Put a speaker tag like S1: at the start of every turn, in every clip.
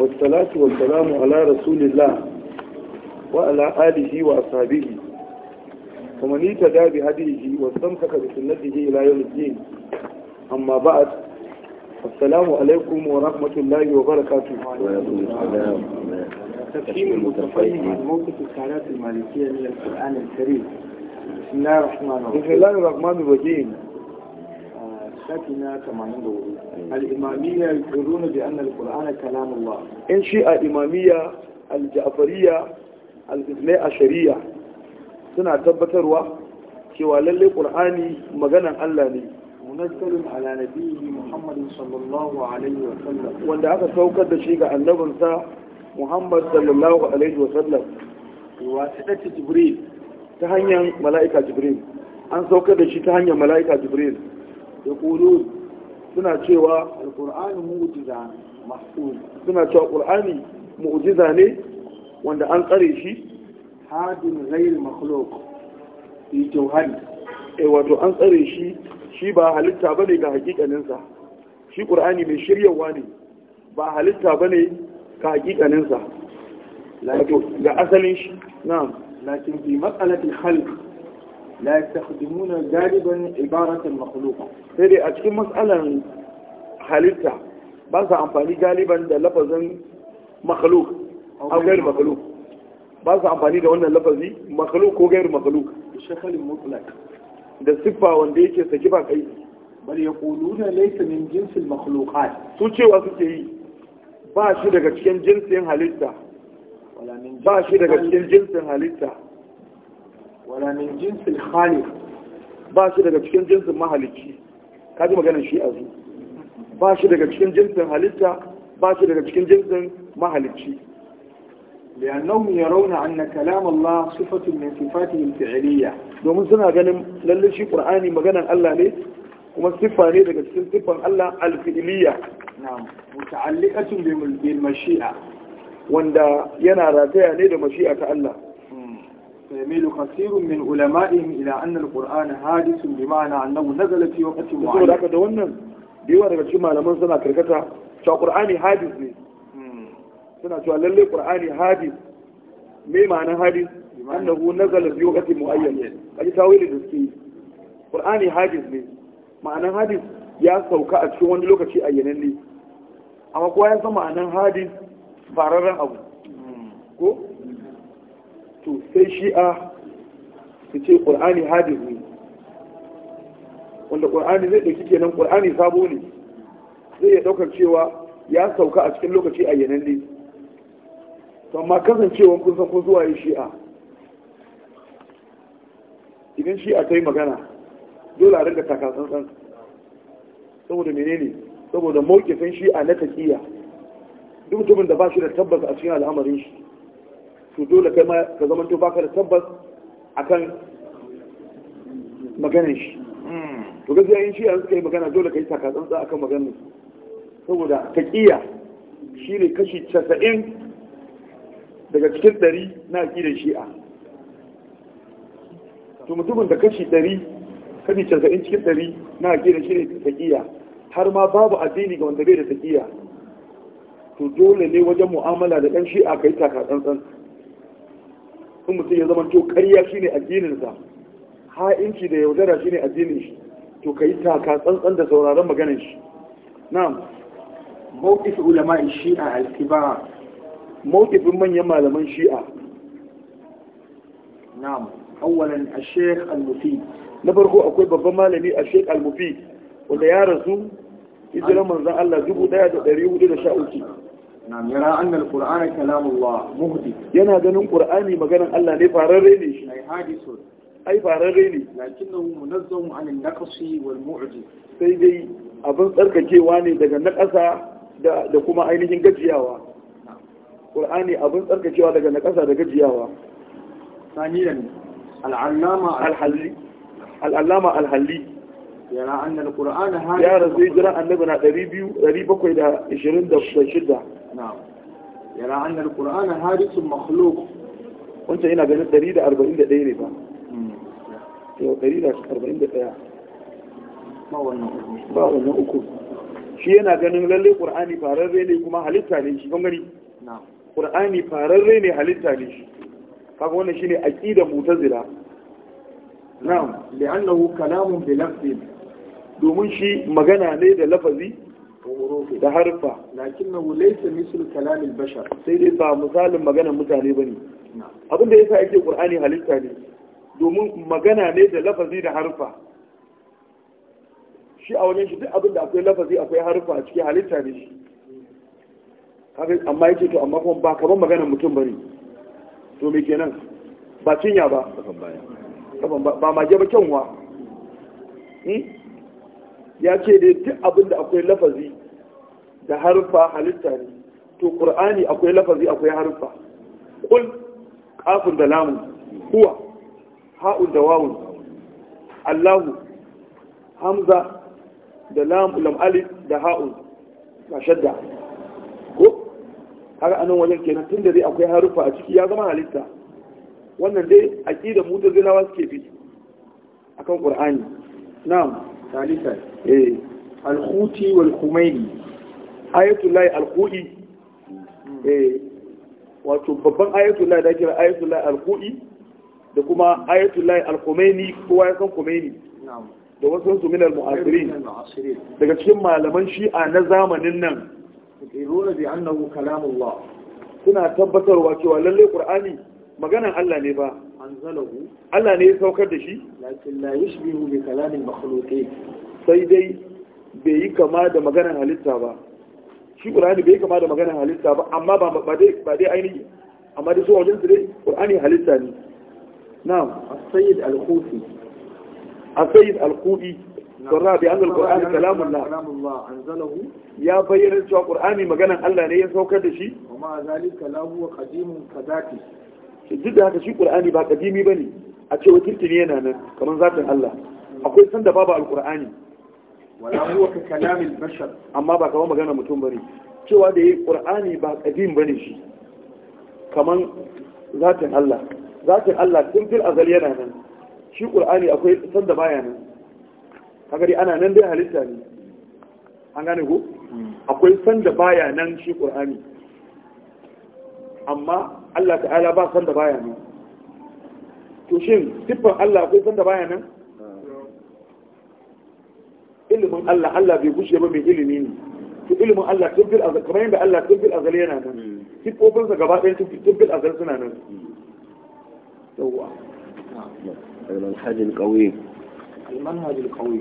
S1: والصلاة والسلام على رسول الله وعلى آله وأصحابه ومن يتدى بهديه واستمسك بسنته إلى يوم الدين أما بعد السلام عليكم ورحمة الله وبركاته وعليكم السلام تفهيم المتفهم عن موقف السعادات المالكية من القرآن الكريم بسم الله الرحمن الرحيم بسم الله الرحمن الرحيم شافنا كمان دوري الإمامية يقرون بأن القرآن كلام الله إن شاء إمامية الجعفرية الاثنى عشرية سنة تبتروا cewa lalle Kur'ani maganan Allah ne munazzalun ala nabiyyi muhammadin sallallahu alaihi wa sallam wanda aka saukar da shi ga annabinsa muhammad sallallahu alaihi wa sallam wasitati jibril ta hanyar mala'ika jibril an saukar da shi ta hanyar mala'ika jibril يقولون سنة شوى القرآن معجزة محفوظ سنة شوى القرآن معجزة لي وأن أنقري شيء غير مخلوق يتوهن E wato an tsare shi ba halitta ba ne ga hakikaninsa shi ƙur'ani mai shiryawa ne ba halitta ba ne ga hakikaninsa ga asalin shi na lakin fi matsalatin la yastakhdimuna galiban ibaratan makhluqa sai dai a cikin matsalan halitta ba sa amfani galiban da lafazin makhluq au gair makhluq ba sa amfani da wannan lafazi makhluq ko gair makhluq da siffa wanda yake saki ba kai bal yaquluna laysa min jinsil makhluqat su cewa suke yi ba shi daga cikin jinsin halitta ba shi daga cikin jinsin halitta wala min jinsil khaliq ba shi daga cikin jinsin mahalicci ka ji maganar shi a zu ba shi daga cikin jinsin halitta ba shi daga cikin jinsin mahalicci لأنهم يرون أن كلام الله صفة من صفاته الفعلية domin suna ganin lalle shi Qur'ani maganar Allah ne kuma siffa ne daga cikin siffan Allah al-fi'liya na'am muta'alliqatun bil mashi'a wanda yana rataya ne da mashi'a ta Allah فيميل كثير من علمائهم إلى أن القرآن حادث بمعنى أنه نزل في وقت معين. haka da wannan da yawa daga cikin malaman suna karkata cewa Qur'ani hadis ne. Hmm. Suna cewa lalle Qur'ani hadis me ma'anar hadis annahu nazala fi waqtin muayyan. Kaji tawili da suke. Qur'ani hadis ne. Ma'anar hadis ya sauka a cikin wani lokaci ne. Amma kowa ya san ma'anar hadis fararen abu. Hmm. Ko to sai shi'a su ce ƙur'ani hadis ne wanda ƙur'ani zai ɗauki kenan ƙur'ani sabo ne zai ya ɗaukar cewa ya sauka a cikin lokaci a ne to amma kasancewa kun san kun zuwa yi shi'a idan shi'a ta yi magana dole a rinka takasan saboda menene saboda mawkifin shi'a na taƙiyya duk mutumin da ba shi da tabbas a cikin al'amarin shi to dole kai ma ka zama to baka da tabbas akan maganar shi hmm. to gaskiya in shi yanzu kai magana dole kai a tsantsa akan maganar saboda kiya shi ne kashi 90 daga cikin ɗari na aqidar shi'a to mutumin da kashi ɗari kashi 90 cikin 100 na aqidar shi ne kiya har ma babu addini ga wanda bai da kiya to dole ne wajen mu'amala da ɗan shi'a kai yi tsantsan sun mutum ya zama to karya shine addininsa ha'inci da yaudara shine addinin shi to ka yi taka tsantsan da sauraron maganin shi na'am mawqif ulama shi'a al-kibar mawqifin manyan malaman shi'a na'am awwalan ash-shaykh al-mufid na farko akwai babban malami ash-shaykh al-mufid wanda ya rasu hijiran manzon Allah 1413 yara kalamullah muhdi yana ganin qur'ani maganar Allah ne fararre ne shi ai hadisun ai fararre ne lakinnahu munazzam an an-naqsi wal mu'ji sai dai abin tsarkakewa ne daga naƙasa da kuma ainihin gajiyawa qur'ani abin tsarkakewa daga naƙasa da gajiyawa ثانيا العلامة الحلي العلامة الحلي يرى أن القرآن هذا يا رزيجرا أنبنا قريبي قريبك إلى 20 شدة yana an da alƙur'ana hadisun makhluk wancan yana ganin 141 ne ba yau 141 ba wannan uku shi yana ganin lalle ƙur'ani fararre ne kuma halitta ne shi kan gani ƙur'ani fararre ne halitta ne shi kaga wannan shine aqidar mu'tazila na'am li'annahu kalamun bi lafzin domin shi magana ne da lafazi da harfa lakinnahu laysa mislu kalam al-bashar sai dai ba misalin magana mutane bane abin da yasa yake qur'ani halitta ne domin magana ne da lafazi da harfa shi a wajen shi duk abin da akwai lafazi akwai harfa a cikin halitta ne shi amma yake to amma kuma ba kaman magana mutum bane to me kenan ba cinya ba ba maje ba kyanwa hmm? ya ce dai duk abin da akwai lafazi da harfa halitta ne to qur'ani akwai lafazi akwai harfa qul qafun da lamun huwa ha'un da wawun allahu hamza da lam lam alif da ha'un ba shadda ko har anan wajen kenan tun da dai akwai harfa a ciki ya zama halitta wannan dai aqida mutazilawa suke bi akan qur'ani na'am salisa eh al-khuti wal khumaini ayatullahi alku'i eh, wato babban ayatullahi da kira ayatullahi alku'i da kuma ayatullahi alkumaini kowa ya san kumaini da wasu su min almu'asirin daga cikin malaman shi'a na zamanin nan yaquluna bi annahu kalamullah suna tabbatarwa cewa lalle qur'ani maganan Allah ne ba anzalahu Allah ne ya saukar da shi lakin la yushbihu bi kalamil makhluqin sai dai bai yi kama da maganar halitta ba shi qur'ani bai kama da maganar halitta ba amma ba dai ainihi amma dai so wajen su dai qur'ani halitta ne na'am as-sayyid al-khufi as-sayyid al-khufi sarra bi anna al-qur'ana kalamullah anzalahu ya bayyana cewa qur'ani maganar Allah ne ya saukar da shi amma a zalika lahu wa qadimun kadati duk da haka shi qur'ani ba kadimi bane a ce wa kirkini yana nan kamar zatin Allah akwai sanda babu al-qur'ani wala huwa ka kalamil bashar amma ba kamar magana mutum bane cewa da yi qur'ani ba qadim bane shi kaman zatin Allah zatin Allah tun fil azal yana nan shi qur'ani akwai sanda baya nan kaga dai ana nan dai halitta ne an gane ko akwai sanda baya nan shi qur'ani amma Allah ta'ala ba sanda baya nan to shin siffar Allah akwai sanda baya nan ilimin Allah Allah bai gushe ba mai ilimi ne to ilimin Allah tubbil azal kamar yadda Allah tubbil azal yana nan sifofin sa gaba ɗaya tubbil azal suna nan yawwa
S2: المنهج القوي
S1: المنهج القوي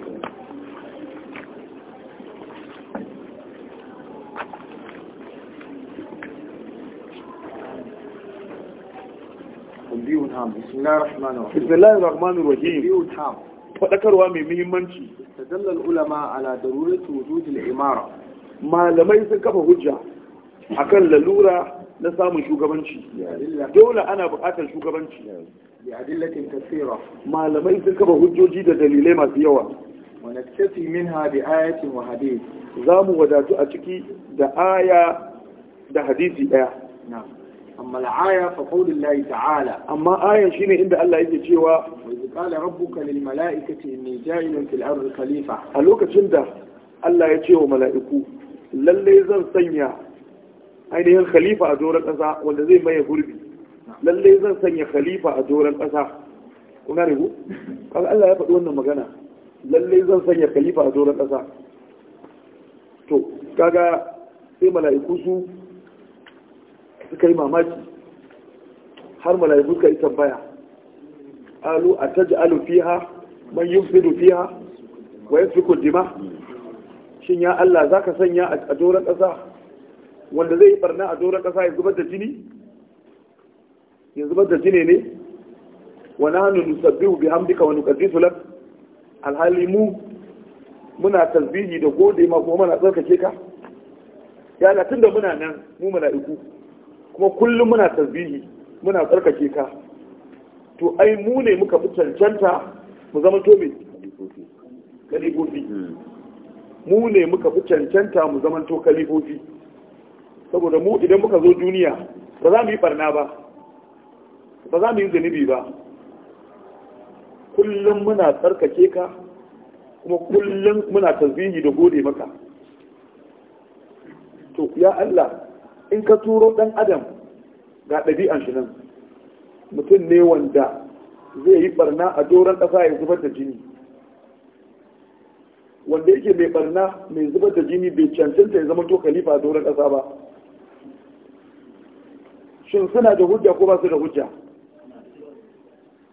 S1: بسم الله الرحمن الرحيم بسم الله الرحمن الرحيم faɗakarwa mai muhimmanci tadallal ulama ala darurati wujudil imara malamai sun kafa hujja akan lalura na samun shugabanci dole ana buƙatar shugabanci bi adillatin kaseera malamai sun kafa hujjoji da dalilai masu yawa wa minha bi ayatin wa hadith zamu wadatu a ciki da aya da hadisi daya na'am amma al'aya fa qawlullahi ta'ala amma ayan shine inda Allah yake cewa wa qala rabbuka lil mala'ikati inni ja'ilun fil ardi khalifa a lokacin da Allah ya ce wa mala'iku lalle zan sanya ainihin khalifa a doron ƙasa wanda zai maye gurbi lalle zan sanya khalifa a doron ƙasa kuna rigu kaga Allah ya faɗi wannan magana lalle zan sanya khalifa a doron ƙasa to kaga sai mala'iku su suka yi mamaki har mala'iku suka yi tambaya alu a taji alu fiha man yi fidu fiha wa yin fi kuddima shin ya Allah za ka sanya a doron ƙasa wanda zai yi barna a doron ƙasa ya zubar da jini ya zubar da jini ne wa nahnu nusabbihu hamdika wani ƙarfi lak alhali mu muna tasbihi da gode ma kuma muna tsarkake ka ya tun da muna nan mu mala'iku kuma kullum muna tasbihi muna tsarkake ka to ai mu ne muka fi cancanta mu zama to me kalifofi hmm. mu ne muka fi cancanta mu zama to kalifofi saboda mu idan muka zo duniya ba za mu yi barna ba ba za mu yi zunubi ba kullum muna tsarkake ka kuma kullum muna tasbihi da gode maka to ya Allah in ka turo ɗan adam ga ɗabi'an shi nan mutum ne wanda zai yi barna a doron ƙasa ya zubar da jini wanda yake mai barna mai zubar da jini bai cancanta ya zama to khalifa a doron ƙasa ba shin suna da hujja ko ba su da hujja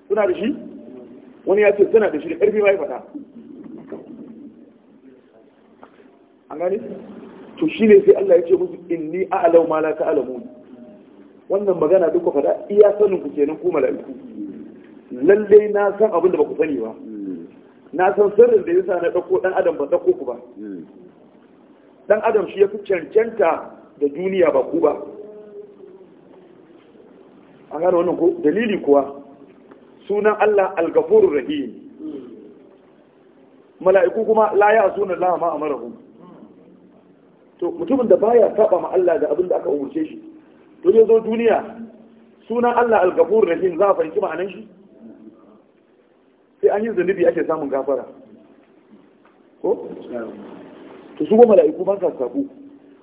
S1: suna da shi wani ya ce suna da shi da ƙarfi ma ya faɗa an gani to shi ne sai Allah ya ce musu inni a'lamu ma la ta'lamun wannan magana duka fada iya sanin ku kenan ku mala'iku lalle na san abin da ba ku sani ba na san sirrin da yasa na dauko dan adam ban dauko ku ba dan adam shi ya fi cancanta da duniya ba ku ba an gano wannan ko dalili kuwa sunan Allah al-Ghafurur Rahim mala'iku kuma la ya sunan Allah ma amarahum to mutumin da baya saba ma Allah da abin da aka umurce shi to ya zo duniya sunan Allah al-Ghafur Rahim za a fahimci ma'anar shi sai an yi zunubi ake samun gafara ko to su goma mala'iku ban ka sabo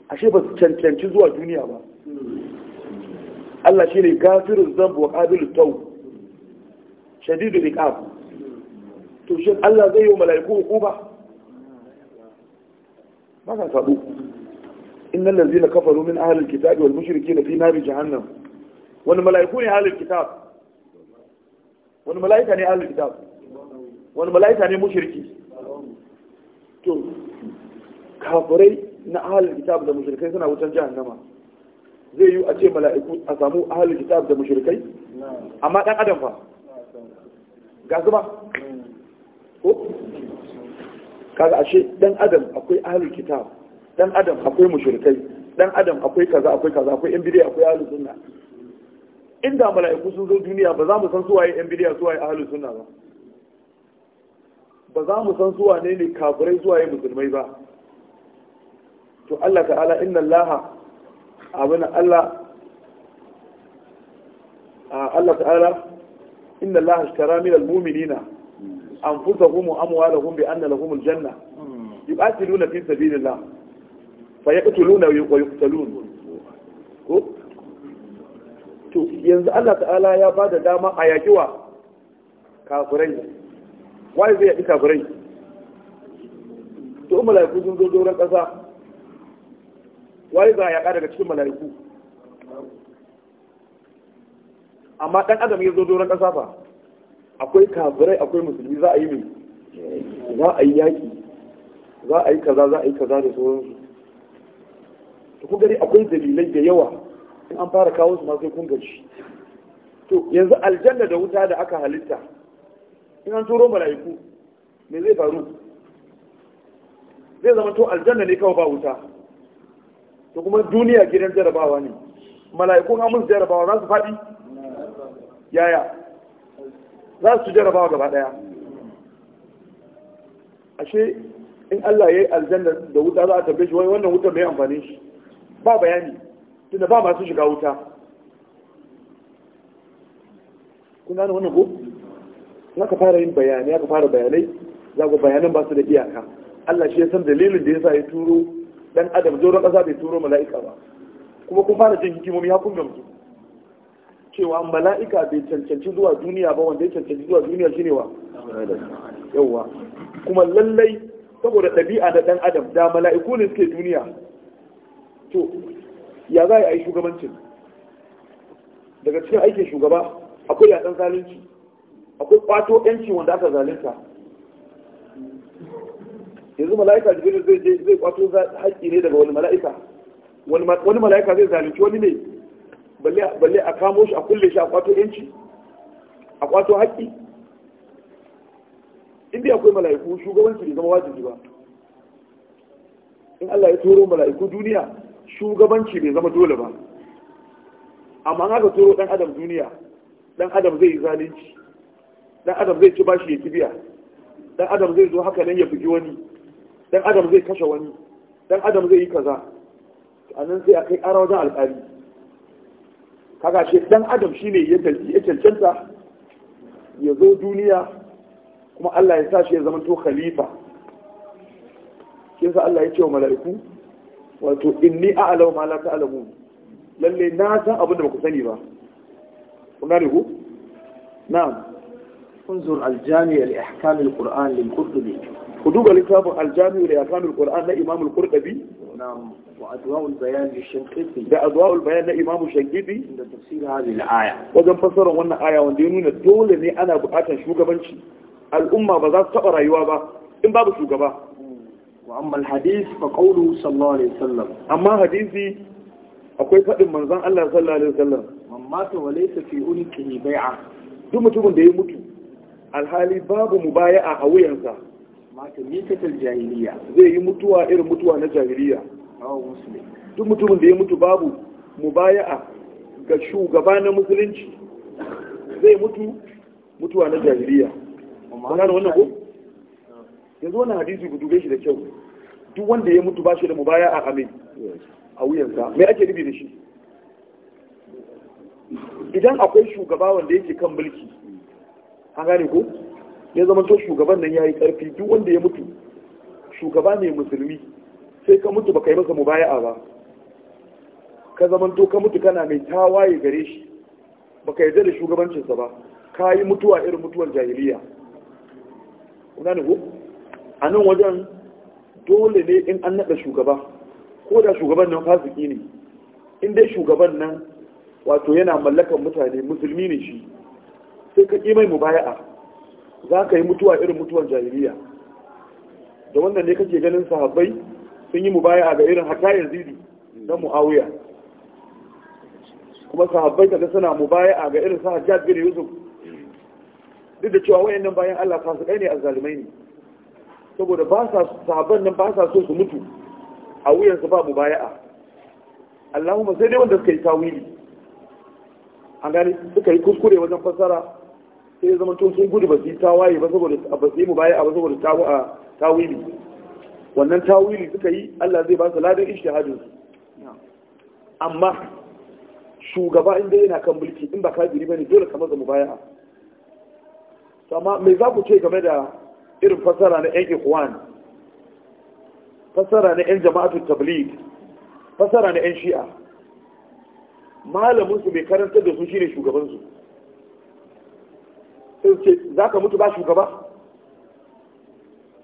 S1: ashe ba su cancanci zuwa duniya ba Allah shi ne gafirun zambu wa qabilut tawb shadidul iqab to shin Allah zai yi mala'iku hukuma ba ka sabo innal ladzina kafaru min ahli alkitab wal mushrikeen fi nari jahannam wani mala'iku ne ahli alkitab wani mala'ika ne ahli alkitab wani mala'ika ne mushriki to kafirai na ahli kitab da mushrikai suna wutan jahannama zai yi a ce mala'iku a samu ahli kitab da mushrikai amma dan adam fa ga kaga ashe dan adam akwai ahli kitab dan adam akwai mushrikai dan adam akwai kaza akwai kaza akwai yan bidiya akwai ahlus sunna inda mala'iku sun zo duniya ba za mu san suwaye yan bidiya suwaye ahlus sunna ba ba za mu san suwa ne ne kafirai suwaye musulmai ba to Allah ta'ala inna Allah abin Allah Allah ta'ala inna Allah ashtara min al-mu'minina an anfusahum wa amwalahum bi anna lahum al-janna hmm. yuqatiluna fi sabilillah fa wa yuqtalun ko to yanzu Allah ta'ala ya ba da dama a yakiwa kafirai wai zai yaki kafirai to mala'iku sun zo doron ƙasa wai za a yaƙa daga cikin mala'iku amma ɗan adam ya zo doron ƙasa fa akwai kafirai akwai musulmi za a yi mai za a yi yaƙi za a yi kaza za a yi kaza da sauransu da kun gani akwai dalilai da yawa in an fara kawo su masu sai kun gaji to yanzu aljanna da wuta da aka halitta in an turo mala'iku me zai faru zai zama to aljanna ne kawai ba wuta to kuma duniya gidan jarabawa ne mala'ikun an musu jarabawa za su faɗi yaya za su jarabawa gaba ɗaya ashe in Allah ya yi aljanna da wuta za a tabbe shi wannan wuta mai amfani shi ba bayani tunda ba masu shiga wuta kun gane wannan ko za ka fara yin bayani? ya ka fara bayanai za ku bayanan ba su da iyaka Allah shi ya san dalilin da ya sa ya turo dan adam zo ƙasa bai turo mala'ika ba kuma kun fara jin hikimomi ya kun gamsu cewa mala'ika bai cancanci zuwa duniya ba wanda ya cancanci zuwa duniya shine wa yauwa kuma lallai saboda ɗabi'a na ɗan adam da mala'iku ne suke duniya to ya za a yi shugabancin daga cikin aikin shugaba akwai yatsan zalunci akwai kwato yanci wanda aka zalunta yanzu mala'ika jibiru zai je zai kwato haƙƙi ne daga wani mala'ika wani mala'ika zai zalunci wani ne balle a kamo shi a kulle shi a kwato yanci a kwato haƙƙi inda akwai mala'iku shugabanci ne zama wajibi ba in Allah ya turo mala'iku duniya shugabanci bai zama dole ba amma haka turo dan adam duniya dan adam zai yi zalunci dan adam zai ci bashi ya kibiya dan adam zai zo haka nan ya bugi wani dan adam zai kashe wani dan adam zai yi kaza a nan sai a kai ƙara wajen kaga shi dan adam shine ya ya cancanta ya zo duniya kuma Allah ya sa shi ya zama to khalifa kinsa Allah ya ce wa mala'iku wato inni a alawa ma la ta'lamu lalle na san abin da baku sani ba kun gane ku na'am unzur aljami al-ihkam al-qur'an lil qurtubi ku duba littafin aljami al-ihkam al na imam al-qurtubi na'am wa adwa'u al-bayan li shankiti da adwa'u bayan na imam shankiti da tafsir hadhihi al-aya wajen fassarar wannan aya wanda ya nuna dole ne ana buƙatar shugabanci al'umma ba za su taɓa rayuwa ba in babu shugaba Muhammad الحديث فقوله صلى الله عليه وسلم أما حديثي akwai faɗin manzan Allah sallallahu alaihi wasallam man mata wa laysa fi unqihi bai'a duk mutumin da ya mutu alhali babu mubaya'a a wuyansa mata mikatal jahiliya zai yi mutuwa irin mutuwa na jahiliya
S2: rawu muslim
S1: duk mutumin da ya mutu babu mubaya'a ga shugaba na musulunci zai mutu mutuwa na jahiliya kana wannan ko yanzu wannan hadisi ku dube shi da kyau duk wanda ya mutu ba shi da mubaya a amin a wuyansa mai ake nufi da shi idan akwai shugaba wanda yake kan mulki an gane ko ya zama to shugaban nan ya yi karfi duk wanda ya mutu shugaba ne musulmi sai ka mutu baka yi masa a ba ka zama to ka mutu kana mai tawaye gare shi baka yarda da shugabancinsa ba ka yi mutuwa irin mutuwar jahiliya kuna ne ko a nan wajen dole ne in an naɗa shugaba ko da shugaban nan fasiki ne in dai shugaban nan wato yana mallakan mutane musulmi ne shi sai ka mai mubaya'a za ka yi mutuwa irin mutuwan jahiliya da wannan ne kake ganin sahabbai sun yi mubaya'a ga irin haka yanzu na muawiya kuma sahabbai kaga suna mubaya'a ga irin sa bin yusuf duk da cewa wayannan bayan Allah fasikai ne a zalumai ne saboda ba sa sahabban nan ba sa so su mutu a wuyansu ba mu baya'a Allahumma sai dai wanda suka yi tawili an gani suka yi kuskure wajen fassara sai ya zama sun gudu ba su yi tawaye ba saboda ba su yi mu baya'a ba saboda tawili wannan tawili suka yi Allah zai ba su ladan su. amma shugaba inda yana kan mulki in ba ba bane dole ka maza mu baya'a amma me za ku ce game da irin fasara na yan ikwan fasara na yan jama'atun tablid fasara na yan shi'a malamunsu mai karanta da su shine shugabansu. In ce za ka mutu ba shugaba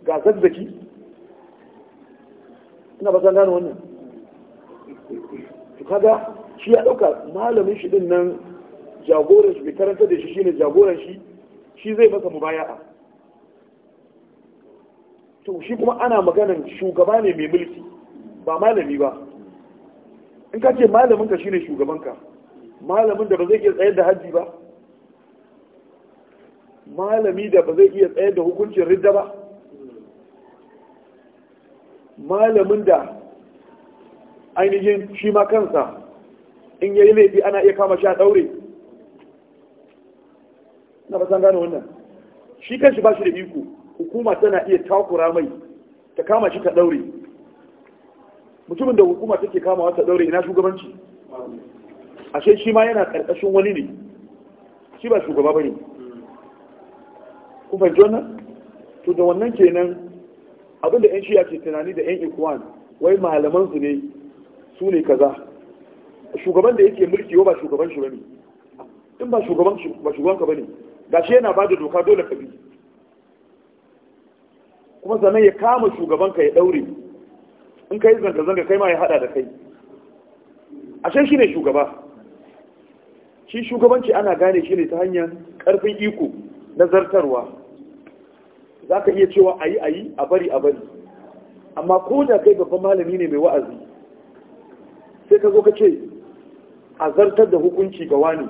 S1: ga zazzaki ina ba san gane wannan to kaga shi ya dauka malamin shi din nan jagoran shi mai karanta da shi shine jagoran shi shi zai masa mubaya'a to shi kuma ana maganan shugaba ne mai mulki ba malami ba in ka ce malamin ka shine shugabanka malamin da ba zai iya tsayar da hajji ba malami da ba zai iya tsayar da hukuncin ridda ba malamin da ainihin shi ma kansa in yayi laifi ana iya kama sha daure na ba san gane wannan shi kanshi ba shi da iko hukuma tana iya takura mai ta kama shi ta daure mutumin da hukuma take kama wata daure ina shugabanci ashe shi ma yana karkashin wani ne shi ba shugaba bane kuma jona to da wannan kenan abinda yan shiya ke tunani da yan ikwan wai malaman su ne su ne kaza shugaban da yake mulki ba shugaban shi bane in ba shugaban shi ba shugaban ka bane gashi yana bada doka dole ka bi kuma sannan ya kama shugabanka ya daure in kai zanga-zanga kai ma ya hada da kai ashe shi ne shugaba shi shugabanci ana gane shi ne ta hanyar karfin iko na zartarwa za ka iya cewa ayi-ayi, a bari a bari amma ko da kai babban malami ne mai wa'azi sai ka zo ka ce a zartar da hukunci ga wani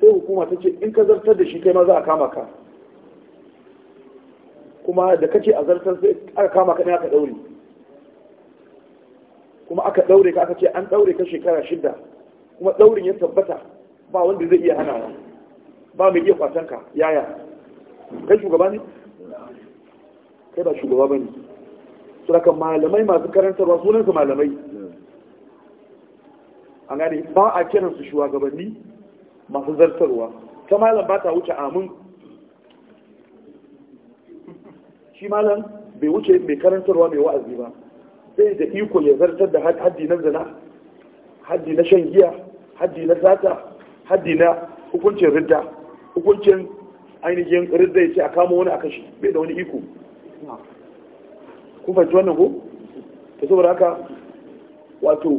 S1: sai hukuma ta ce in ka zartar da shi kai ma za a kama ka kuma da kace a zartar sai aka kama ka ne aka daure kuma aka daure ka aka ce an daure ka shekara shida kuma daurin ya tabbata ba wanda zai iya hana ba mai iya kwatan ka yaya kai shugaba ne kai ba shugaba bane saboda malamai masu karantarwa sunansu malamai an gane ba a kiransu shugabanni masu zartarwa ta malam ba ta wuce amin shi malam bai wuce mai karantarwa mai wa'azi ba sai da iko ya zartar da haddi na zina haddi na shan giya haddi na sata haddi na hukuncin ridda hukuncin ainihin ridda ya ce a kama wani a kashi bai da wani iko kun fahimci wannan ko ta saboda haka wato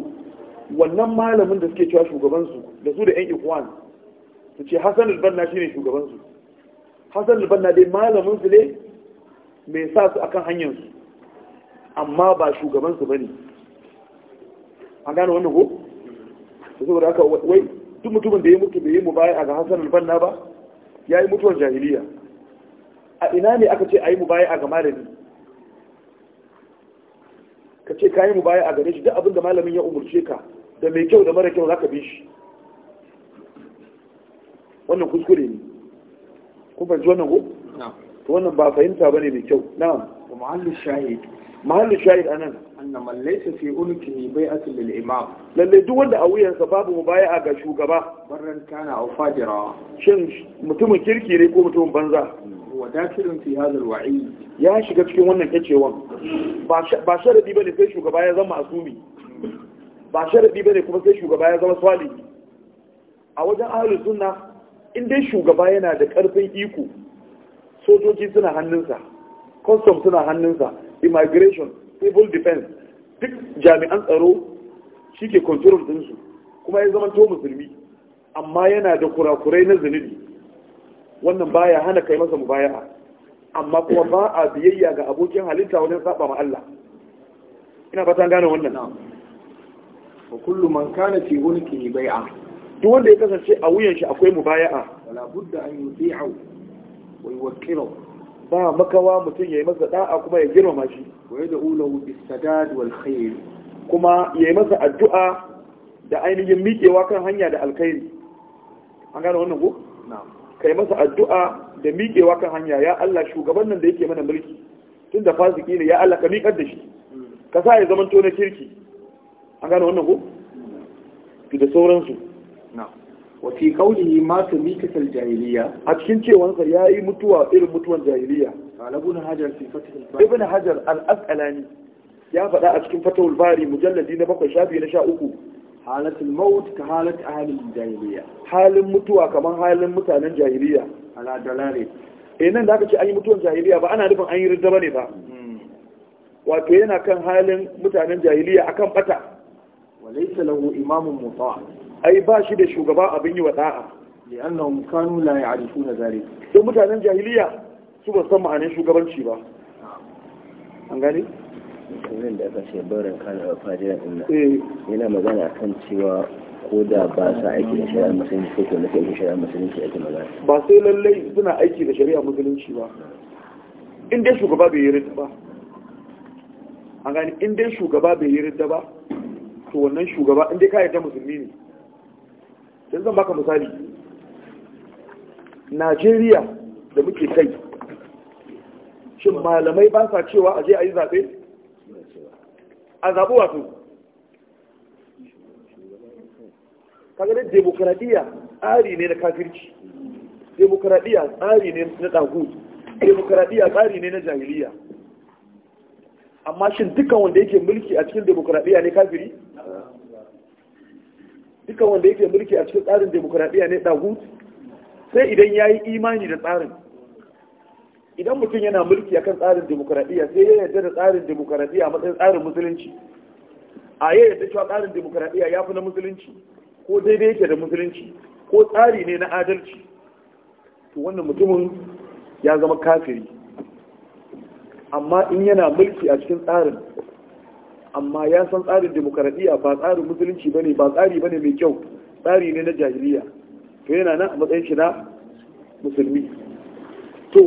S1: wannan malamin da suke cewa shugabansu da su da yan ikwan su ce hassan albanna shi ne shugabansu hassan albanna dai malamin su ne mai sa su akan hanyar su amma ba shugabansu ba ne an gane wannan ko saboda haka wai duk mutumin da ya mutu bai yi mu baya ga Hassan al-Banna ba ya yi mutuwar jahiliya a ina ne aka ce a yi mu baya ga malami ka ce ka yi mu baya a gare shi duk abin da malamin ya umurce ka da mai kyau da mara kyau za ka bi shi wannan kuskure ne kun fahimci wannan ko to wannan ba fahimta bane mai kyau na'am wa mahallu shahid mahallu shahid anan anna man laysa fi ulkihi bai'atu lil imam lalle duk wanda a sa babu mubaya'a ga shugaba barran kana aw fajira shin mutumin kirki ne ko mutumin banza wa dakilun fi hadha al ya shiga cikin wannan kacewan ba sharadi bane sai shugaba ya zama asumi ba sharadi bane kuma sai shugaba ya zama salihi a wajen ahlus sunna in dai shugaba yana da karfin iko sojoji suna hannunsa custom suna hannunsa immigration civil defense duk jami'an tsaro shi ke control ɗinsu kuma ya zama to musulmi amma yana da kurakurai na zunubi wannan baya hana kai masa mubaya'a amma kuma ba a biyayya ga abokin halitta wajen saba ma Allah ina fata gane wannan wa kullu man kana fi hulki bai'a duk wanda ya kasance a wuyan shi akwai mubaya'a wala budda an yuti'u ويوقره ba makawa mutum ya yi masa da'a kuma ya girmama shi wa ya da'u lahu bisadad wal khair kuma ya yi masa addu'a da ainihin miƙewa kan hanya da alkhairi an gane wannan ko na'am kai masa addu'a da miƙewa kan hanya ya Allah shugaban nan da yake mana mulki tun da fasiki ne ya Allah ka miƙar da shi hmm. ka sa ya zamanto na kirki an gane wannan ko hmm. da sauransu na'am wa fi qawlihi ma tumita al jahiliya a cikin cewa sa yi mutuwa irin mutuwan jahiliya ibn hajar fi fathul bari ibn hajar al asqalani ya faɗa a cikin fathul bari mujalladi na bakwai shafi na sha uku halatul maut ka halat ahlil jahiliya halin mutuwa kamar halin mutanen jahiliya ala dalale eh nan da aka ce an yi mutuwan jahiliya ba ana nufin an yi ridda ne ba hmm. wato yana kan halin mutanen jahiliya akan bata walaysa lahu imamun mutawa ai ba shi da shugaba abin yi wa da'a li'annahum kanu la ya'rifuna zalik to mutanen jahiliya su ba san ma'anin shugabanci ba an gani sunan da aka ce barin kan
S2: alfajiran din eh. yana magana kan cewa ko da ba sa aiki da shari'a musulunci ko ko nake aiki shari'a musulunci
S1: aiki magana ba sai lallai suna aiki da shari'a musulunci ba in dai shugaba bai yarda ba an gani in dai shugaba bai yarda ba to wannan shugaba in dai ka ta musulmi ne yanzu zan baka misali najeriya da muke kai shin malamai ba sa cewa aje a yi zaɓe a zaɓi wato kaganin demokaradiyya tsari ne na kafirci demokaradiyya tsari ne na ɗagu demokaradiyya tsari ne na jahiliya amma shin dukkan wanda yake mulki a cikin demokaradiyya ne kafiri dukkan wanda yake mulki a cikin tsarin demokuraɗiyya ne ɗagut sai idan ya yi imani da tsarin idan mutum yana mulki a kan tsarin demokuraɗiyya sai ya yarda da tsarin demokuraɗiyya a matsayin tsarin musulunci a ya yarda cewa tsarin demokuraɗiyya ya fi na musulunci ko daidai yake da musulunci ko tsari ne na adalci to wannan mutumin ya zama kafiri amma in yana mulki a cikin tsarin amma ya san tsarin demokaradiyya ba tsarin musulunci bane ba tsari bane mai kyau tsari ne na jahiliya to yana nan a matsayin shi na musulmi to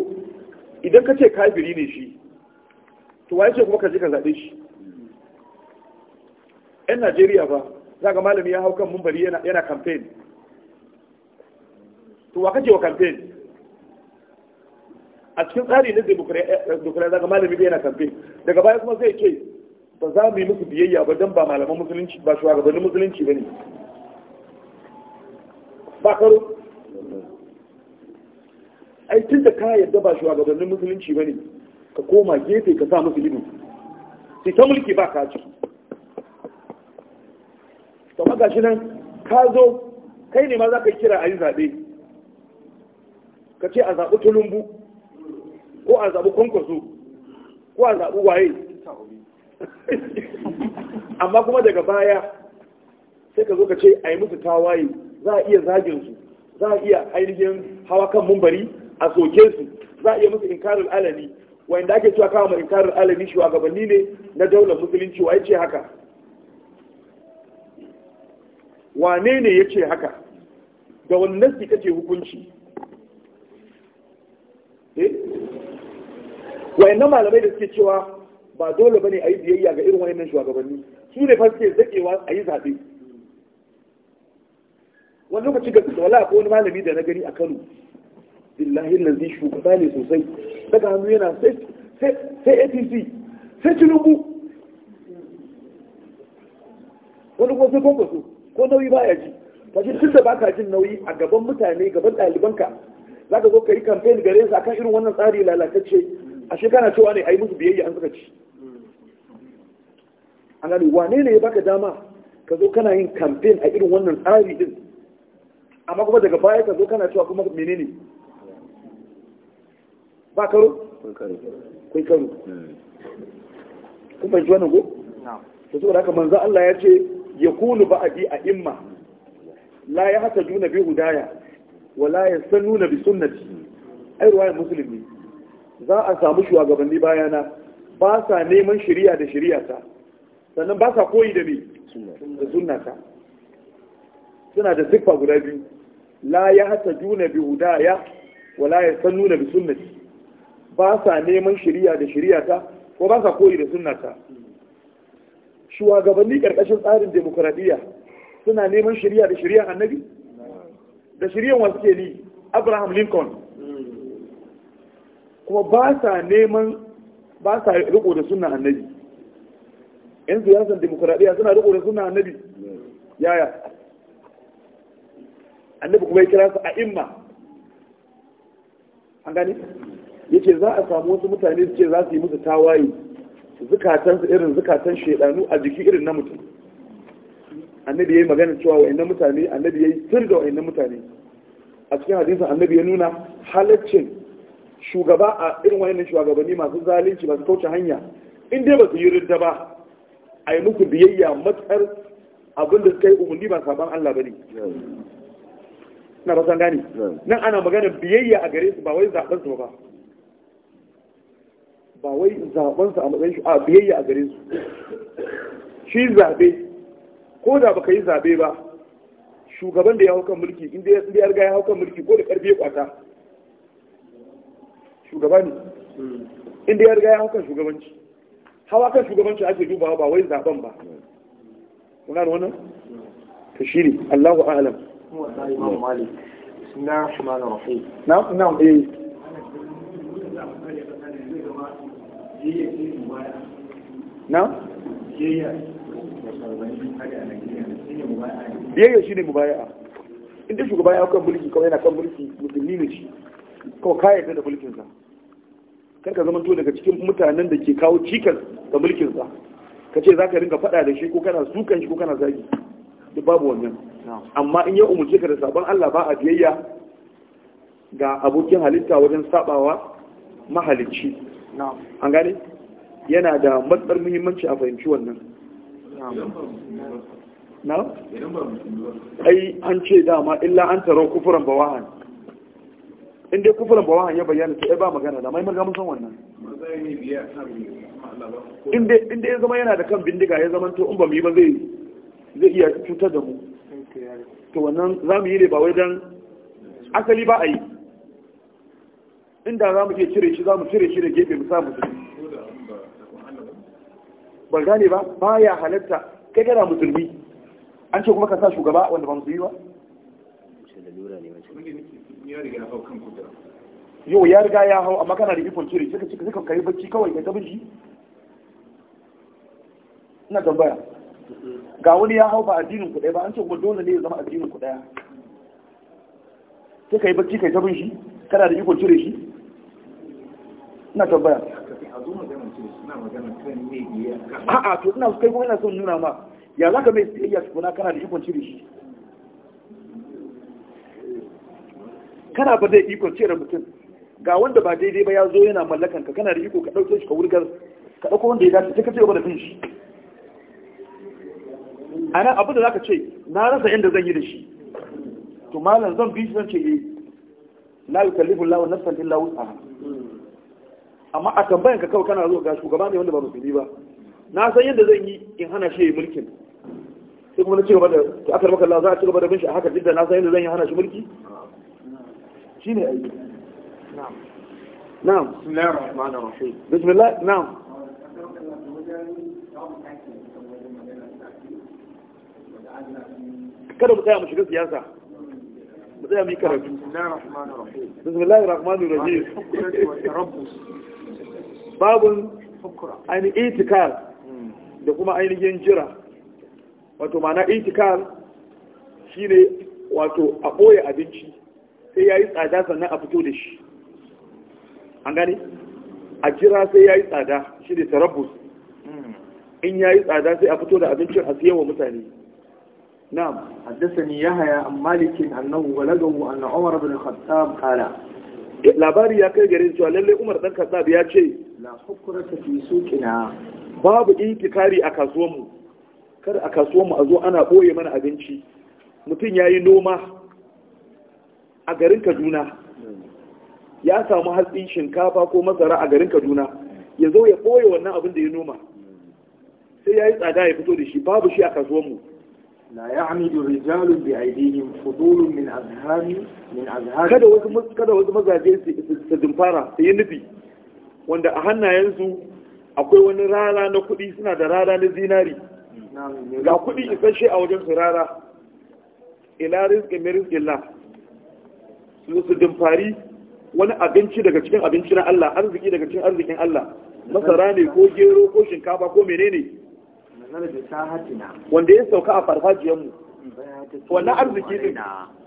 S1: idan ka ce kafiri ne shi to waye ce kuma ka je ka zaɓe shi yan najeriya ba za ga malami ya hau kan mumbari yana kamfen to wa kace wa kamfen a cikin tsari na eh, eh, demokradiyya za ga malami yana kamfen daga baya kuma zai ce ba za mu yi musu biyayya ba don ba malaman musulunci ba shugabannin musulunci ba ne ba karo ai tun da ka yadda ba shugabannin musulunci ba ne ka koma gefe ka sa musu ido sai ta mulki ba ka ciki to maka shi nan ka zo kai ne ma za ka kira a yi zaɓe ka ce a zaɓi tulumbu ko a zaɓi kwankwaso ko a zaɓi waye amma kuma daga baya sai ka zo ka ce a yi musu tawaye za a iya zaginsu. za a iya ainihin hawa kan mumbari a soke su za a iya musu inkarar alami wanda ake cewa kawo mai inkarar alami shugabanni ne na daular musulunci wa ce haka wane ne ya ce haka da wannan su kace hukunci eh? wayannan malamai da suke cewa ba dole bane a yi biyayya ga irin wayannan shugabanni su ne fasike suke zakewa a yi zaɓe wani lokaci ga wala ko wani malami da na gani a Kano billahi lazi shugaba ne sosai daga hannu yana sai APC sai Tinubu wani kuma sai kwankwaso ko nauyi ya ji ji tun da baka jin nauyi a gaban mutane gaban ɗalibanka za ka zo ka yi kamfen gare su akan irin wannan tsari lalatacce a shekara cewa ne a yi musu biyayya an suka ci an gani wane ne ya baka dama ka zo kana yin kamfen a irin wannan tsari din amma kuma daga baya ka zo kana cewa kuma menene ba karo kun karo kun fahimci wannan ko to saboda haka manzo Allah ya ce ya kunu ba a imma la ya haka juna bi hudaya wala ya sannu na bi sunnati ai ruwayar musulmi za a samu shugabanni bayana ba sa neman shari'a da shari'a ta sannan ba sa koyi da me da ta suna da siffa guda biyu la ya hata juna bi hudaya wa la ya san nuna bi sunnati ba sa neman shiriya da ta, ko ba sa koyi da sunnata shugabanni karkashin tsarin demokradiyya suna neman shiriya da shiriyan annabi da shiriyan wasu ke ni abraham lincoln hmm. kuma ba sa neman ba sa riko da sunnan annabi yan siyasar demokuraɗiyya suna riko da suna annabi yaya annabi kuma ya kira su a imma an gani yake za a samu wasu mutane suke za su yi musu tawaye zukatansu irin zukatan shaidanu a jiki irin na mutum annabi ya yi magana cewa wa'annan mutane annabi ya yi sir da wa'annan mutane a cikin hadisin annabi ya nuna halaccin shugaba a irin wa'annan shugabanni masu zalunci masu kauce hanya in dai ba su yi ridda ba a yi muku biyayya matsar abin da suka yi umarni ba saban Allah ba ne na ba san gane nan ana magana biyayya a gare su ba wai zaɓen su ba ba wai zaɓensu su a matsayin shi a biyayya a gare su shi zaɓe. ko da baka yi zaɓe ba shugaban da ya hau kan mulki inda ya ga ya hau kan mulki ko da karfe kwata shugaba ne inda ya riga ya hau kan shugabanci hawa kan shugabanci ake dubawa ba wai zaben ba kuna da wannan ta Allahu a'lam na na eh na? biyayya shi ne mubaya'a inda shugaba ya kan mulki kawai yana kan mulki musulmi ne shi kawai kayan da mulkinsa kar ka zama to daga cikin mutanen da ke kawo cikas ga mulkin sa ka ce zaka rinka faɗa da shi ko kana sukan shi ko kana zagi duk babu wannan amma in ya umurce ka da sabon Allah ba a biyayya ga abokin halitta wajen sabawa mahalicci an gane yana da matsar muhimmanci a fahimci wannan na ai an ce dama illa an taro kufuran bawahan Inda dai kufurin ba wahan ya bayyana sai ba magana da mai marga mun san wannan Inda ya zama yana da kan bindiga ya zama to in ba mu yi ba zai zai iya cutar da mu to wannan za mu yi ne ba wai dan asali ba a yi inda za mu iya cire shi za mu cire shi da gefe mu sa su ban gane ba ba ya halatta kai kana musulmi an ce kuma ka sa shugaba wanda ba musulmi ba
S2: ya riga ya hau kan kudura
S1: yau ya riga ya hau amma kana da ikon cire suka cika suka kai bacci kawai ka tabi shi ina tambaya ga wani ya hau ba addinin ku ba an ce kuma dole ne ya zama addinin ku daya sai kai bacci kai tabin shi kana da ikon cire shi ina tambaya a'a to ina kai kuma ina son nuna ma ya zaka mai siyayya tukuna kana da ikon cire shi kana ba zai ikon cire mutum ga wanda ba daidai ba ya zo yana mallakan ka kana da iko ka ɗauke shi ka wurgar ka ɗauko wanda ya dace sai ka ce da fin shi a nan abu da za ka ce na rasa inda zan yi da shi to malam zan bi shi zan ce eh la yukallifu llahu nafsan illa wus'aha amma a tambayan ka kawai kana zo ga shugaba ne wanda ba musulmi ba na san yadda zan yi in hana shi mulkin sai kuma na ci gaba da to akar maka Allah za a ci gaba da bin shi a haka jidda na san yadda zan yi hana shi mulki shine aiki na'am kada mu tsaya mu shiga siyasa mu tsaya mu yi karatu bismillahir rahmanir rahim da kuma ainihin jira wato ma'ana itikal shine wato a ɓoye abinci sai ya yi tsada sannan a fito da shi an gani? a jira sai ya yi tsada shi da tarabus in ya yi tsada sai a fito da abincin a siyan wa mutane na'am haddasani haya an malikin annahu lagawu anna umar bin khattab kala labari ya kai garin cewa lalle umar dan khattab ya ce la hukrata fi suqina babu intikari a kasuwanmu kar a kasuwanmu a zo ana boye mana abinci mutum ya yi noma a garin kaduna ya samu hatsi shinkafa ko masara a garin kaduna ya zo ya ɓoye wannan abin da ya noma sai ya yi tsada ya fito da shi babu shi a kasuwanmu la ya'midu rijalun bi aydihim fudulun min azhari min azhari kada wasu kada wasu mazaje su dimfara su yi nufi wanda a hannayensu akwai wani rara na kuɗi suna da rara na zinari ga kuɗi isasshe a wajen su rara ila rizqi min rizqillah su dimfari wani abinci daga cikin abinci na Allah arziki daga cikin arzikin Allah masara ne ko gero ko shinkafa ko menene wanda ya sauka a farfajiyar mu
S2: wannan arziki ne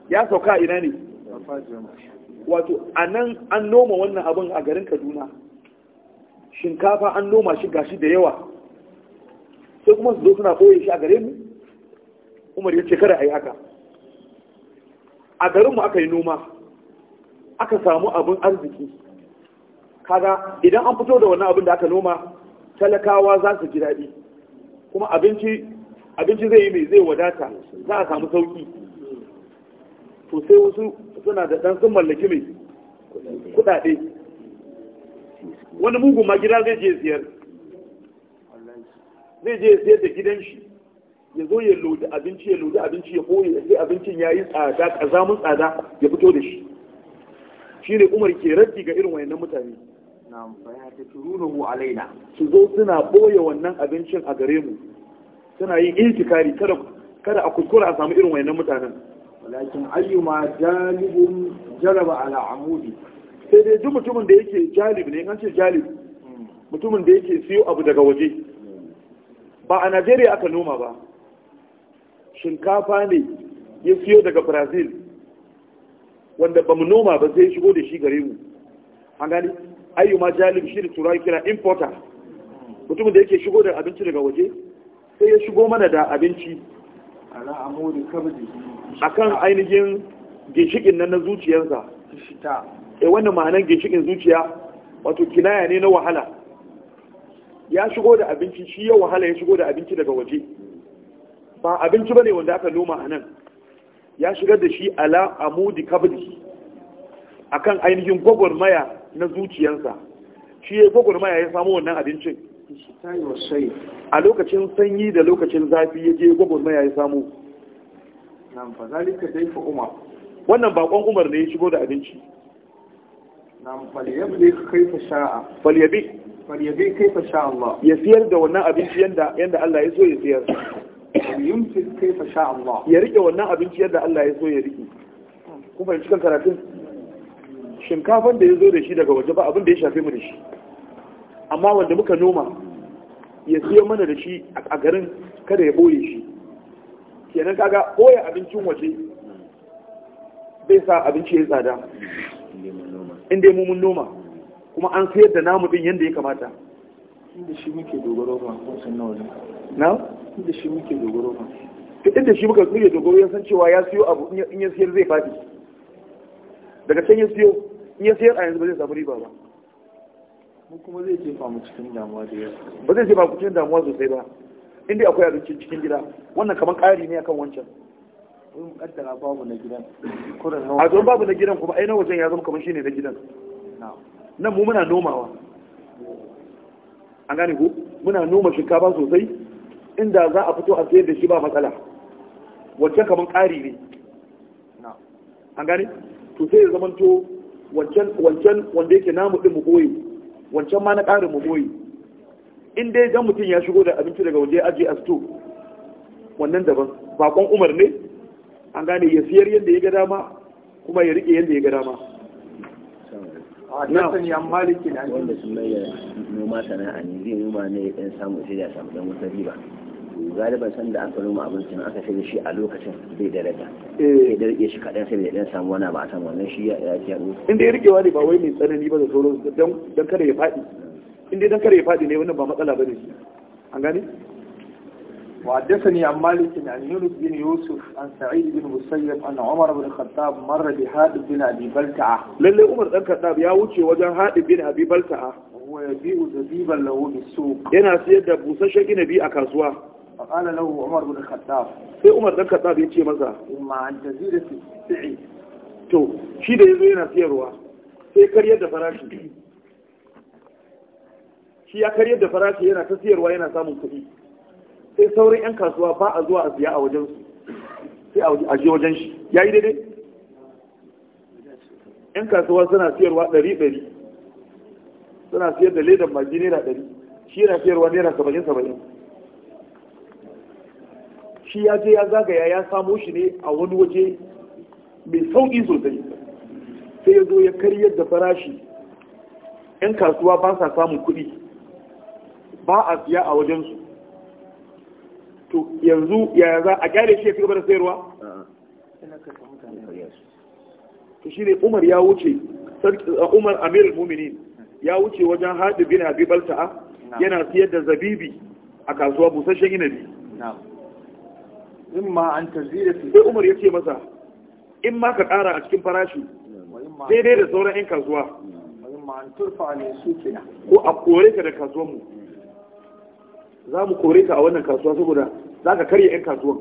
S1: ya sauka ina ne wato anan an noma wannan abin a garin Kaduna shinkafa an noma shi gashi da yawa sai kuma su zo suna koyi shi a gare mu Umar ya ce kada a yi haka a garinmu aka yi noma aka samu abin arziki kaga idan an fito da wannan abin da aka noma talakawa za su ji daɗi kuma abinci abinci zai yi mai zai wadata za a samu sauki to sai wasu suna da ɗan sun mallaki mai kuɗaɗe wani mugun ma gida zai je ziyar. zai je ziyar da gidan shi ya zo ya lodi abinci ya lodi abinci ya koyi sai abincin ya yi tsada ƙazamin tsada ya fito da shi shine umar ke raddi ga irin wayannan mutane na'am fa ya takurunahu alaina su zo suna boye wannan abincin a gare mu suna yin intikari kada kada a kuskura a samu irin wayannan mutanen walakin ayyuma jalibun jaraba ala amudi sai dai duk mutumin da yake jalib ne an ce jalib hmm. mutumin da yake siyo abu daga waje ba a Najeriya aka noma ba shinkafa ne ya siyo daga Brazil wanda ba mu noma ba zai shigo da shi gare mu an gani ayyu ma jalib shi da turai kira importer mutumin da yake shigo da abinci daga waje sai ya shigo mana da abinci A kan ainihin ginshikin nan na zuciyarsa E, wannan ma'anan ginshikin zuciya wato kinaya ne na wahala ya shigo da abinci shi ya wahala ya shigo da abinci daga waje ba abinci bane wanda aka noma a nan ya shigar da shi ala amudi kabri akan ainihin gwagwarmaya na zuciyarsa shi ya gwagwarmaya ya samu wannan abincin a lokacin sanyi da lokacin zafi ya je gwagwarmaya ya samu wannan bakon umar ne ya shigo da abinci falyabi kaifa sha Allah ya siyar da wannan abinci yadda Allah ya so ya siyar sha Allah ya rike wannan abinci yadda Allah ya so ya rike ku fahimci kan karatun shinkafan da ya zo da shi daga waje ba abin da ya shafe mu da shi amma wanda muka noma ya siyo mana da shi a garin kada ya boye shi kenan kaga boye abincin waje bai sa abinci ya tsada in ya mu mun noma kuma an sayar da namu din yadda ya kamata inda shi muke dogaro ba sun nawa ne na inda shi muke dogaro ba ta inda shi muka muke dogaro ya san cewa ya siyo abu in ya siyar zai fadi daga can ya siyo in ya siyar a yanzu ba zai samu riba ba mu kuma zai jefa mu cikin damuwa da yawa ba zai jefa mu cikin damuwa sosai ba inda akwai abincin cikin gida wannan kamar ƙari ne akan wancan in kaddara babu na gidan a don babu na gidan kuma ai na wajen ya zama kamar shine na gidan nan mu muna nomawa an gane ku muna noma shinkafa sosai inda za a fito a sayar da shi ba matsala wancan kamar ƙari ne an gane to sai ya zamanto wancan wanda yake namu din mu boye wancan ma na ƙarin mu boye in dai dan mutum ya shigo da abinci daga wanda ya ajiye a sto wannan daban bakon umar ne an gane ya siyar yadda ya ga dama kuma ya riƙe yadda ya ga dama
S2: nasani an maliki na wanda sun mai noma sana'a ne zai noma ne ɗan samu sai da samu ɗan wata riba galiban sanda aka noma abincin aka sai da shi a lokacin zai daraja sai da rike shi kaɗan sai da dan samu wani ba a samu wannan shi ya ya inda ya
S1: rikewa ne ba wai mai tsanani ba da sauran dan dan kada ya faɗi inda dan kada ya faɗi ne wannan ba matsala bane shi an gane وحدثني عن مالك عن يونس بن يوسف عن سعيد بن مسيب عن عمر بن الخطاب مر بهاد بن ابي بلتعه للي عمر بن الخطاب يا وجه وجه هاد بن ابي بلتعه وهو يبيع زبيبا له بالسوق هنا سيد بوسشن جنبي اكاسوا فقال له عمر بن الخطاب في عمر بن الخطاب يجي مزا اما عن تزيد في السعي to shi da yazo yana siyarwa sai karyar da farashi shi ya karyar da farashi yana ta siyarwa yana samun kuɗi sai sauran 'yan kasuwa ba a zuwa a siya a wajen su sai a ji wajen shi ya yi daidai 'yan kasuwa suna siyarwa ɗari ɗari suna siyar da ledan maji naira ɗari shi yana siyarwa naira saba'in saba'in shi ya je ya zagaya ya samo shi ne a wani waje mai sauƙi sosai sai ya zo ya karyar da farashi 'yan kasuwa ba sa samun kuɗi ba a siya a wajensu to yanzu ya za a kyale shi ya fi gaba da sayarwa to shi ne umar ya wuce uh, umar amir mumini ya wuce wajen haɗu bin abi balta yana siyar da zabibi a kasuwa busasshen inabi imma an sai umar ya ce masa in ma ka ƙara a cikin farashi daidai da sauran 'yan kasuwa ko a kore ka da kasuwanmu za mu kore ka a wannan kasuwa saboda za ka karya 'yan kasuwan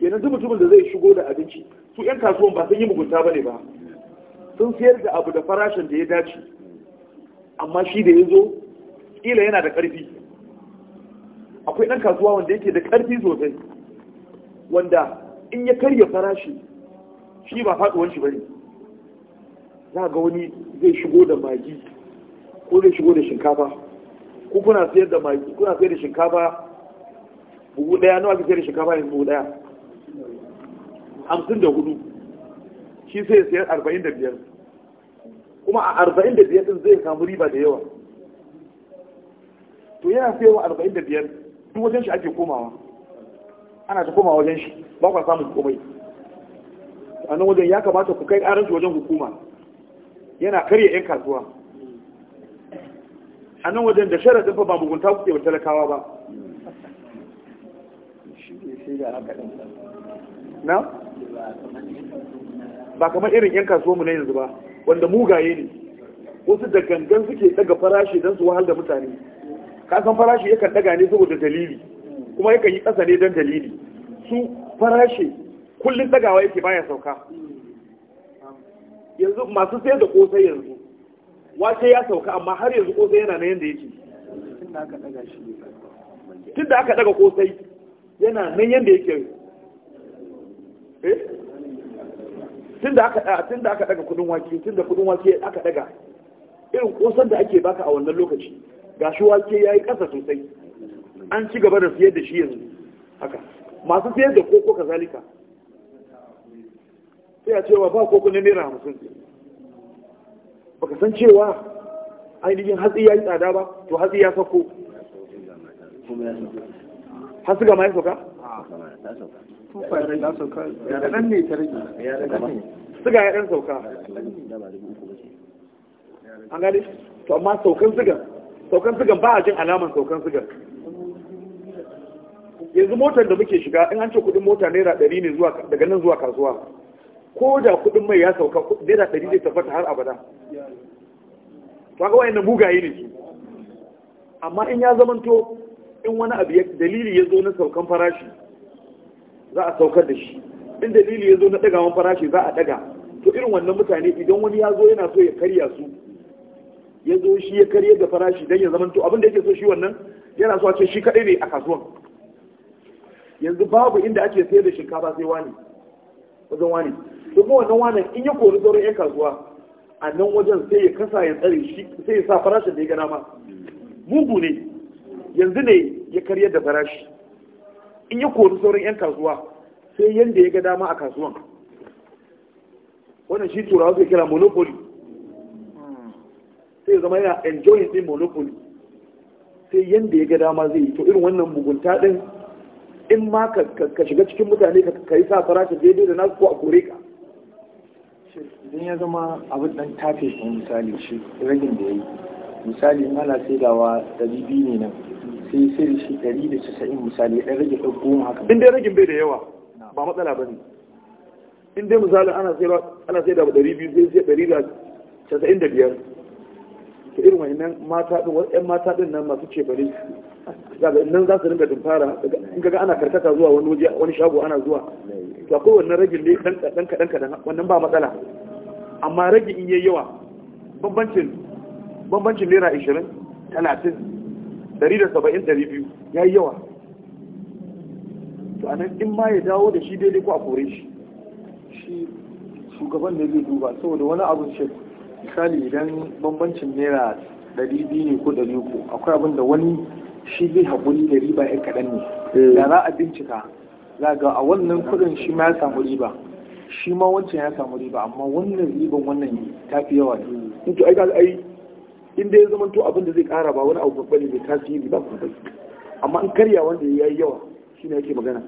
S1: kenan duk mutumin da zai shigo da abinci su 'yan kasuwan ba sun yi mugunta ba ne ba sun siyar da abu da farashin da ya dace amma shi da ya zo ƙila yana da ƙarfi akwai ɗan kasuwa wanda yake da ƙarfi sosai wanda in ya karya farashi shi ba faɗuwan shi ba ne za ga wani zai shigo da magi ko zai shigo da shinkafa ku kuna sayar da maki kuna sayar da shinkafa buhu daya nawa kike sayar da shinkafa yanzu buhu daya hamsin da hudu shi sai sayar arba'in da biyar kuma a arba'in da biyar din zai samu riba da yawa to yana sayarwa arba'in da biyar duk wajen shi ake komawa ana ta komawa wajen shi ba kwa samun komai a nan wajen ya kamata ku kai karanci wajen hukuma yana karya 'yan kasuwa a nan wajen da sharaɗin fa ba mugunta kuke wa talakawa ba na? ba kamar irin yan mu na yanzu ba wanda mugaye ne wasu da gangan suke daga farashi don su wahal da mutane kasan farashi yakan daga ne saboda dalili kuma yakan yi ƙasa ne don dalili su farashi kullum dagawa yake baya sauka yanzu masu sayar da ƙosai yanzu wace ya sauka amma har yanzu kosai yana na yanda yake tun da aka daga kosai yana nan yanda yake eh? tun da aka daga kudin wake tun da kudin wake aka daga irin kosan da ake baka a wannan lokaci ga shi wake ya yi ƙasa sosai an ci gaba da siyar da shi yanzu haka masu siyar da koko kazalika sai a cewa ba koko na naira hamsin baka san cewa ainihin hatsi ya yi tsada ba to hatsi ya sauko hatsi ga ma ya sauka? siga ya ɗan sauka an gani to amma saukan sigan saukan sigan ba a jin alaman saukan sigan yanzu motar da muke shiga in an ce kudin mota naira ɗari ne daga nan zuwa kasuwa ko da kuɗin mai ya sauka naira ɗari zai tabbata har abada to ga wayannan mugaye ne su amma in ya zamanto in wani abu dalili ya zo na saukan farashi za a saukar da shi in dalili ya zo na ɗagawan farashi za a ɗaga to irin wannan mutane idan wani ya zo yana so ya karya su ya zo shi ya karya da farashi don ya zamanto abin da yake so shi wannan yana so a ce shi kaɗai ne a kasuwan yanzu babu inda ake sayar da shinkafa sai wani wajen wani domin wannan wannan, in ya kori sauran 'yan kasuwa a nan wajen sai ya kasa ya tsare shi sai ya sa farashin da ya gana ma mugu ne yanzu ne ya karyar da farashi in ya kori sauran 'yan kasuwa sai yadda ya ga dama a kasuwan wannan shi turawa zai kira monopoly sai zama yana enjoy din monopoly sai yadda ya ga dama zai yi to irin wannan mugunta din in ma ka shiga cikin mutane ka yi sa farashin daidai da nasu ko a kore ka
S2: idan ya zama abin dan tafe ɗin misali shi ragin da ya yi misali mala sai dawa ɗari biyu ne nan sai sai shi ɗari da casa'in misali ɗan rage ɗan goma haka
S1: in dai ragin bai da yawa ba matsala ba ne in dai misali ana saidawa ɗari biyu sai sai ɗari da casa'in da biyar ta irin wa'annan mata ɗin nan masu cefane daga nan za su rinka dumfara in ga ana karkata zuwa wani waje wani shago ana zuwa to akwai wannan ragin ne dan kadan kadan kadan wannan ba matsala amma ragin in yayi yawa bambancin bambancin naira 20 30 170 200 yayi yawa to anan in ma ya dawo da shi daidai ko a kore shi shi shugaban ne zai duba saboda wani abun shi misali idan bambancin naira 200 ne ko 300 akwai abin da wani shi zai haƙuri da riba ya kaɗan ne eh. da za a bincika za ga a wannan kuɗin shi ma ya samu riba shi ma wancan ya samu riba amma wannan riban wannan ta fi yawa ne in hmm. to ai ai in dai ya zama to abin da zai ƙara ba wani abu babba ne mai tasiri ba kuma amma an karya wanda ya yi yawa shi ne yake magana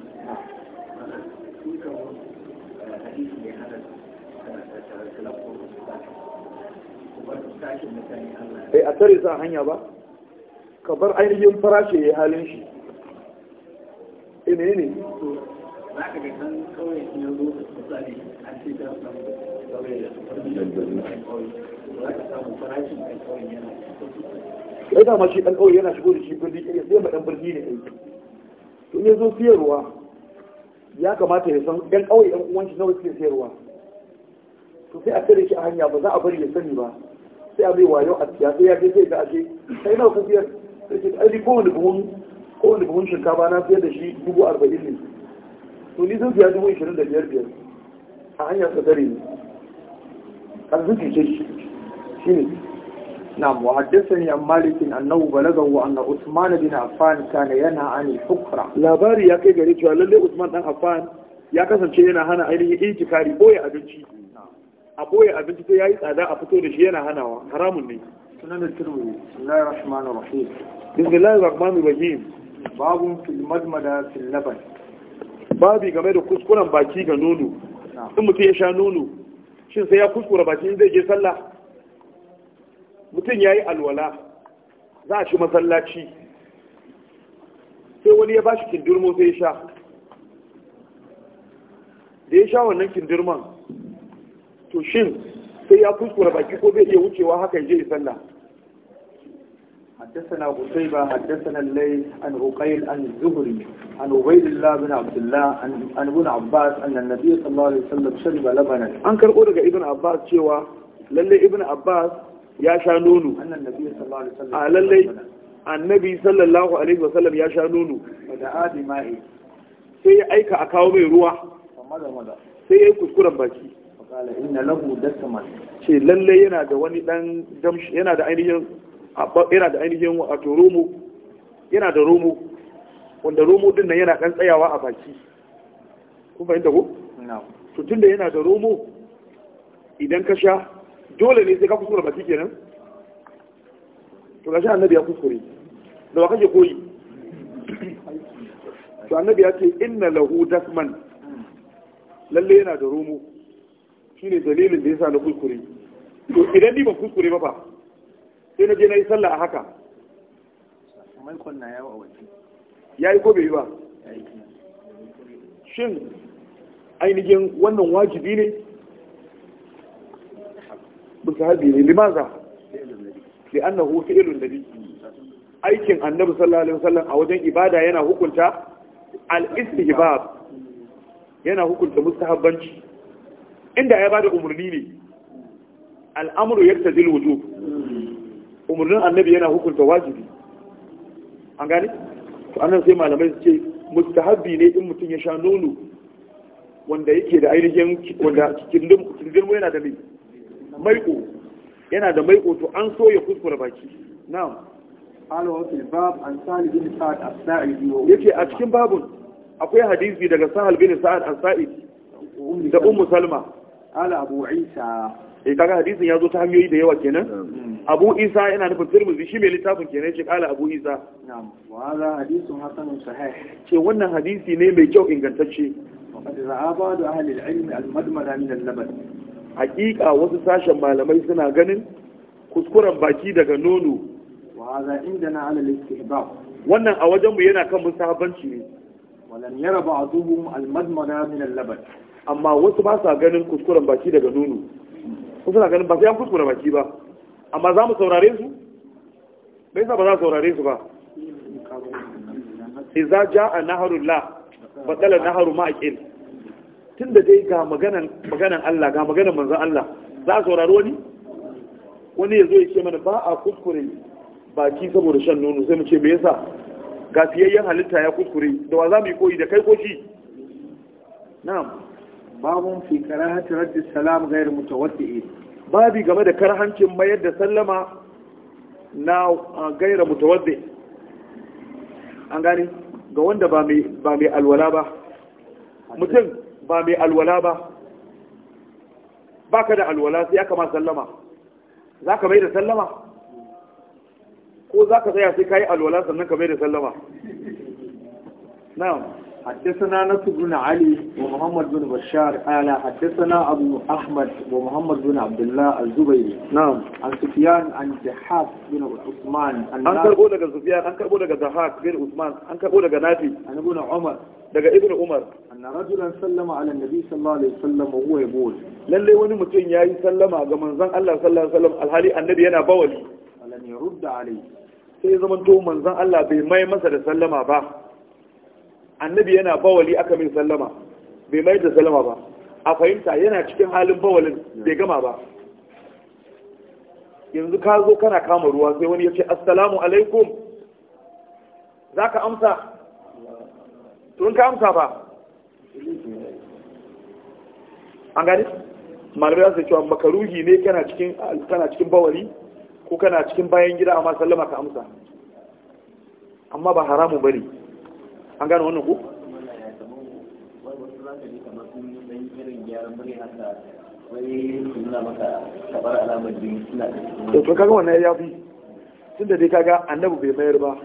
S1: eh, a tare sa hanya ba ka bar ainihin farashi ya yi halin shi ne ne ya dama shi ɗan ƙauye yana shigo da shi birni ya eh, sai ma ɗan birni ne aiki to ya zo siyarwa ya kamata ya san ɗan ƙauye ɗan uwanci nawa suke siyarwa to sai a tsere shi a hanya ba za a bari ya sani ba sai a mai wayo a siya sai ya je sai ga ashe sai na ka sai ka ji kowane buhun kowane buhun shinkafa na fiye da shi dubu arba'in ne to ni biya dubu ishirin da biyar biyar a hanya ta dare ne arziki ce shi ne na muhaddasan yan malikin annabu balagan wa annabu usman bin affan kana yana ani fukra labari ya kai gare cewa lalle usman dan affan ya kasance yana hana ainihin intikari boye abinci a boye abinci sai yayi tsada a fito da shi yana hanawa haramun ne sunan da turmi sunan rahmanur rahim bismillahir rahmanir rahim babun fil madmada fil laban babi game da kuskuren baki ga nono in mutum ya sha nono shin sai ya kuskura baki in zai je sallah mutum ya yi alwala za a shi masallaci sai wani ya ba shi kindirmo sai ya sha da ya sha wannan kindirman to shin sai ya kuskura baki ko zai iya wucewa haka ya je sallah حدثنا قتيبة حدثنا الليل عن عقيل عن الزهري عن عبيد الله بن عبد الله عن ابن عباس أن النبي صلى الله عليه وسلم شرب لبنا أنكر أورك ابن عباس شوى للي ابن عباس يا sha nono a lallai annabi sallallahu alaihi wasallam ya sha nono da adi mai sai ya aika a kawo mai ruwa sai ya yi kuskuren baki ce lalle yana da wani dan yana da ainihin yana da ainihin wato romo yana da romo wanda romo din nan yana ɗan tsayawa a baki kun fahimta ko to da yana da romo idan ka sha dole ne sai ka kusura baki kenan to ga sha annabi ya kuskure da wa kake koyi to annabi ya ce inna lahu dasman lalle yana da romo shine dalilin da yasa na kuskure to idan ni ba kuskure ba fa sai na je na yi sallah a haka ya yi ko bai yi ba shin ainihin wannan wajibi ne haɗi ne limaza irin da nabi aikin annabi sallallahu alaihi wasallam a wajen ibada yana hukunta al-istihbab yana hukunta mustahabbanci inda ya bada umarni ne al'amru yaktadil wujub umurnin annabi yana hukunta wajibi an gane to annan sai malamai su ce mustahabbi ne in mutum ya sha nono wanda yake da ainihin wanda kindirmo yana da maiko yana da maiko to an so ya kuskura baki na'am alo fil bab an salih bin sa'ad as said yake a cikin babun akwai hadisi daga sahal bin sa'ad as said da ummu salma ala abu isa eh kaga hadisin ya zo ta hanyoyi da yawa kenan abu isa yana nufin tirmidhi shi mai littafin kenan shi kala abu isa na'am wa hadha hadithun hasanun sahih ce wannan hadisi ne mai kyau ingantacce faqad ra'a ba'd ahli al-ilm al-madmada min al-laban haqiqa wasu sashen malamai suna ganin kuskuren baki daga nono wa hadha indana ala al-istihbab wannan a wajen mu yana kan musahabanci ne walan yara ba'duhum al-madmada min al-laban amma wasu ba sa ganin kuskuren baki daga nono ko suna ganin ba sai an kuskura baki ba amma za mu saurare su bai sa ba za saurare su ba iza La, naharullah naharun naharu tun tunda dai ga maganan Allah ga maganan manzan Allah za a saurari wani wani ya zo ya ce mana ba a kuskure baki saboda shan nono sai mu ce me yasa ga fiyayyen halitta ya kuskure da wa za mu yi koyi da kai ko shi na'am babun fi karahatu raddi salam gairu mutawaddi'in babi game da karhancin mayar da sallama na gaira mutawaddi an gani ga wanda ba mai alwala ba mutum ba mai alwala ba ba ka da alwala sai aka ma sallama za ka mai da sallama ko za ka tsaya sai ka yi alwala sannan ka mai da sallama na'am حدثنا نصر بن علي ومحمد بن بشار قال حدثنا ابو احمد ومحمد بن عبد الله الزبيري نعم عن سفيان عن جحاف بن عثمان أن كربو لك سفيان أن كربو لك جحاف بن عثمان أن كربو لك نافي أن ابن عمر لك ابن عمر ان رجلا سلم على النبي صلى الله عليه وسلم وهو يقول للي وني متين ياي سلم على منزل الله صلى الله عليه وسلم الحالي النبي أنا بولي ولن يرد عليه sai zama to manzon Allah bai mai masa da sallama ba annabi yana bawali aka min sallama bai mai da sallama ba a fahimta yana cikin halin bawalin bai gama ba yanzu ka zo kana kama ruwa sai wani ya ce assalamu alaikum za ka amsa tun ka amsa ba an gani malamai za su cewa makaruhi ne kana cikin bawali ko kana cikin bayan gida amma sallama ka amsa amma ba haramun bane an gano wannan ku
S2: da to
S1: kaga wannan ya fi tunda dai kaga annabi bai mayar ba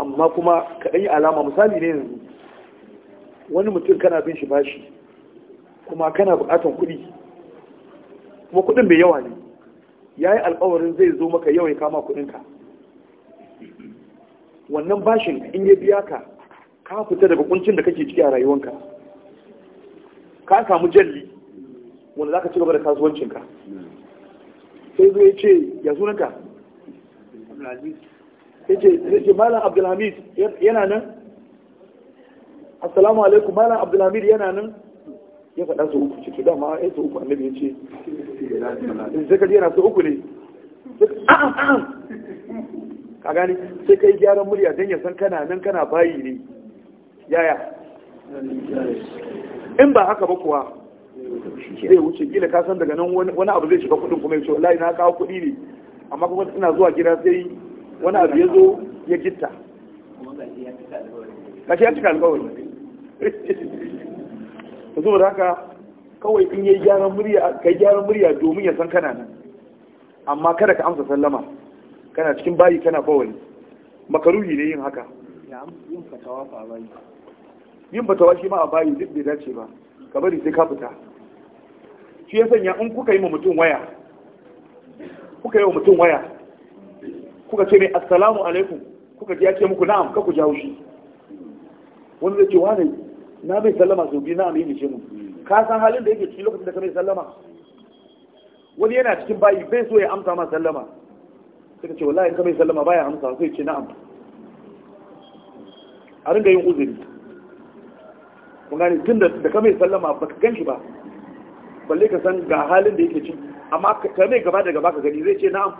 S1: amma kuma ka alama misali ne yanzu wani mutum kana bin shi bashi kuma kana buƙatar kuɗi kuma kuɗin bai yawa ne ya yi alƙawarin zai zo maka yawa ya kama kuɗinka wannan bashin in ya biya ka ka fita daga kuncin da kake ciki a rayuwanka ka samu jalli wanda za ka ci gaba da kasuwancinka sai zai ce ya sunanka
S2: zai ce
S1: malam abdulhamid yana nan assalamu alaikum malam abdulhamid yana nan ya faɗa su uku ciki dama ya su uku annabi ya ce sai ka yana su uku ne ka gani sai ka yi gyaran murya don ya san kana nan kana bayi ne yaya in ba haka ba kuwa zai wuce gila ka san daga nan wani abu zai shiga kudin kuma ya ce wallahi na kawo kudi ne amma kuma ina zuwa gida sai wani abu ya zo ya gitta kashi ya cika alkawari ta da haka kawai in yi gyaran murya ka yi gyaran murya domin ya san kana nan amma kada ka amsa sallama kana cikin bayi kana bawali makaruhi ne yin haka ya yin fatawa fa bayi yin fatawa shi ma a bayi duk bai dace ba ka bari sai ka fita shi ya sanya in kuka yi ma mutum waya kuka yi wa mutum waya kuka ce mai assalamu alaikum kuka ji ya ce muku na'am ka ku jawo shi wani zai ce wani na mai sallama sau biyu na'am yi ce mu ka san halin da yake cikin lokacin da ka mai sallama wani yana cikin bayi bai so ya amsa ma sallama sai ka ce wallahi in ka mai sallama baya amsa sai ce na'am a ringa yin uzuri kun gane tun da ka mai sallama ba ka gan shi ba balle ka san ga halin da yake ci amma ka mai gaba da gaba ka gani zai ce na'am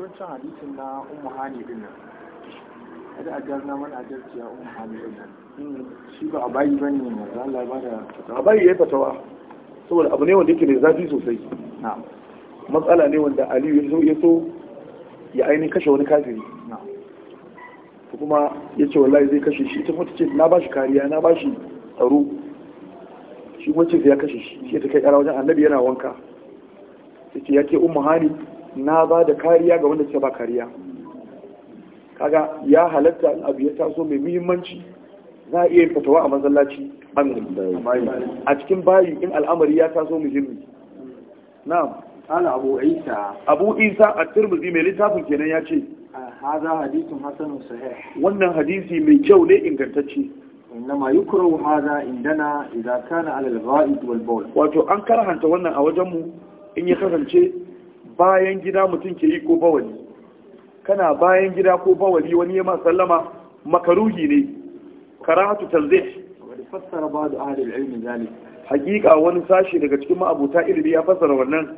S2: wancan hadisin na ummu hani din nan kada a jarna mana a jarciya ummu hani din
S1: nan shi ba a bayi bane ne manzo Allah ba da fatawa a bayi yayi fatawa saboda abu ne wanda yake mai zafi sosai matsala ne wanda Aliyu ya so ya ainihin kashe wani kafiri kuma ya ce wallahi zai kashe shi ita kuma ta ce na ba shi kariya na ba shi tsaro shi kuma ce ya kashe shi shi ta kai kara wajen annabi yana wanka ta ce ya ke umma hani na ba da kariya ga wanda ce ba kariya kaga ya halatta abu ya taso mai muhimmanci za a iya fatawa a masallaci a cikin bayi in al'amari ya taso muhimmi na'am ana abu isa abu isa a turmuzi mai littafin kenan ya ce sahih wannan hadisi mai kyau ne ingantacce innama yukrahu hada indana idza kana ala al wal bawl wato an karhanta wannan a wajen mu in ya kasance bayan gida mutum ke yi ko bawali kana bayan gida ko bawali wani ya ma sallama makaruhi ne karahatu tanzih fassara ba da ahli al-ilm zalik haqiqa wani sashi daga cikin ma'abota ilimi ya fassara wannan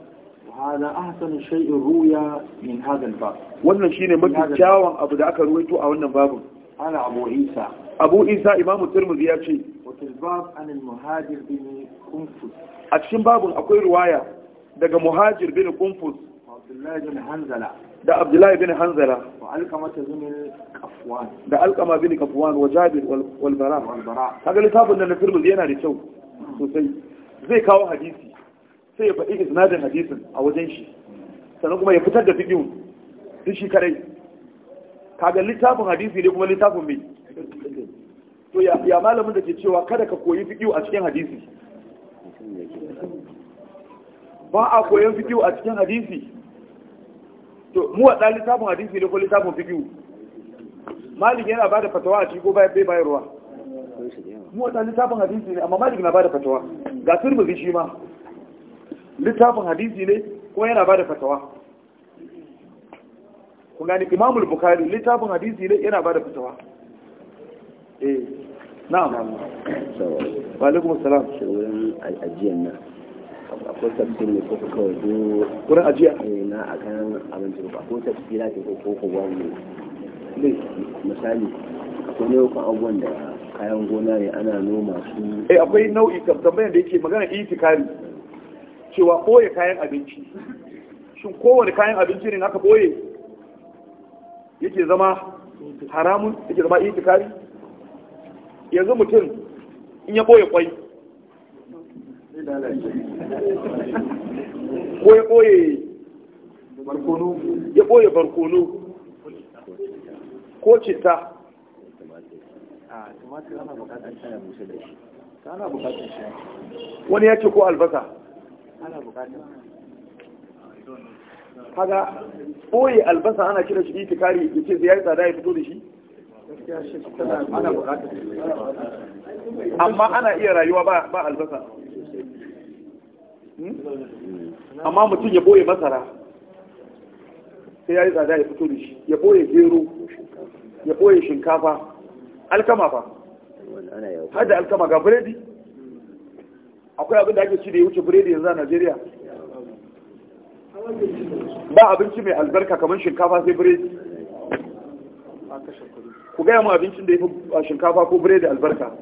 S1: na ahsanu shay'in ruya min hada al-bab wannan shine mafi kyawun abu da aka ruwaito a wannan babin ala abu isa abu isa imamu tirmidhi ya ce wa tilbab an muhajir bin kunfus a cikin babin akwai ruwaya daga muhajir bin kunfus abdullahi bin hanzala da abdullahi bin hanzala wa ta bin kafwan da alkama bin kafwan wa jabir wal bara kaga littafin da na tirmidhi yana da kyau sosai zai kawo hadisi sai ya faɗi isnadin hadisin a wajen shi sannan kuma ya fitar da fiqhun duk shi kadai kaga littafin hadisi ne kuma littafin
S2: mai
S1: to ya malamin da ke cewa kada ka koyi fiqhu a cikin hadisi ba a koyon fiqhu a cikin hadisi to mu wa littafin hadisi ne ko littafin fiqhu malik yana bada fatawa a cikin ko bai bayarwa mu wa littafin hadisi ne amma malik na bada fatawa ga turmuzi shi ma littafin hadisi ne ko yana ba da fatawa kun gani imamul bukari littafin hadisi ne yana ba da fatawa eh na'am wa alaikum salam shirin ajiyan nan akwai
S2: tafsirin ko kawai do wurin ajiya eh, na akan abinci ba ko tafsira ke ko ko wani misali akwai nau'ukan abubuwan da kayan
S1: gona ne ana noma su eh akwai nau'i tambayar da yake magana itikari cewa ɓoye kayan abinci shin kowane kayan abinci ne aka ɓoye yake zama haramun yake zama iya kari yanzu mutum in ya ɓoye kwai ko ya ɓoye barkono ya ɓoye barkono ko citta wani ya ce ko albasa
S2: ana bukata kaga boye
S1: albasa ana kira shi itikari ya sai yayi tsada ya fito da shi amma ana iya rayuwa ba albasa hmm?
S2: amma mutum ya boye
S1: masara sai ya yi tsada ya fito da shi ya boye gero ya boye shinkafa alkama fa hada alkama ga biredi akwai abin da ake ci da ya wuce biredi yanzu a Najeriya ba abinci mai albarka kamar shinkafa sai biredi ku gaya mu abincin da ya fi shinkafa ko biredi albarka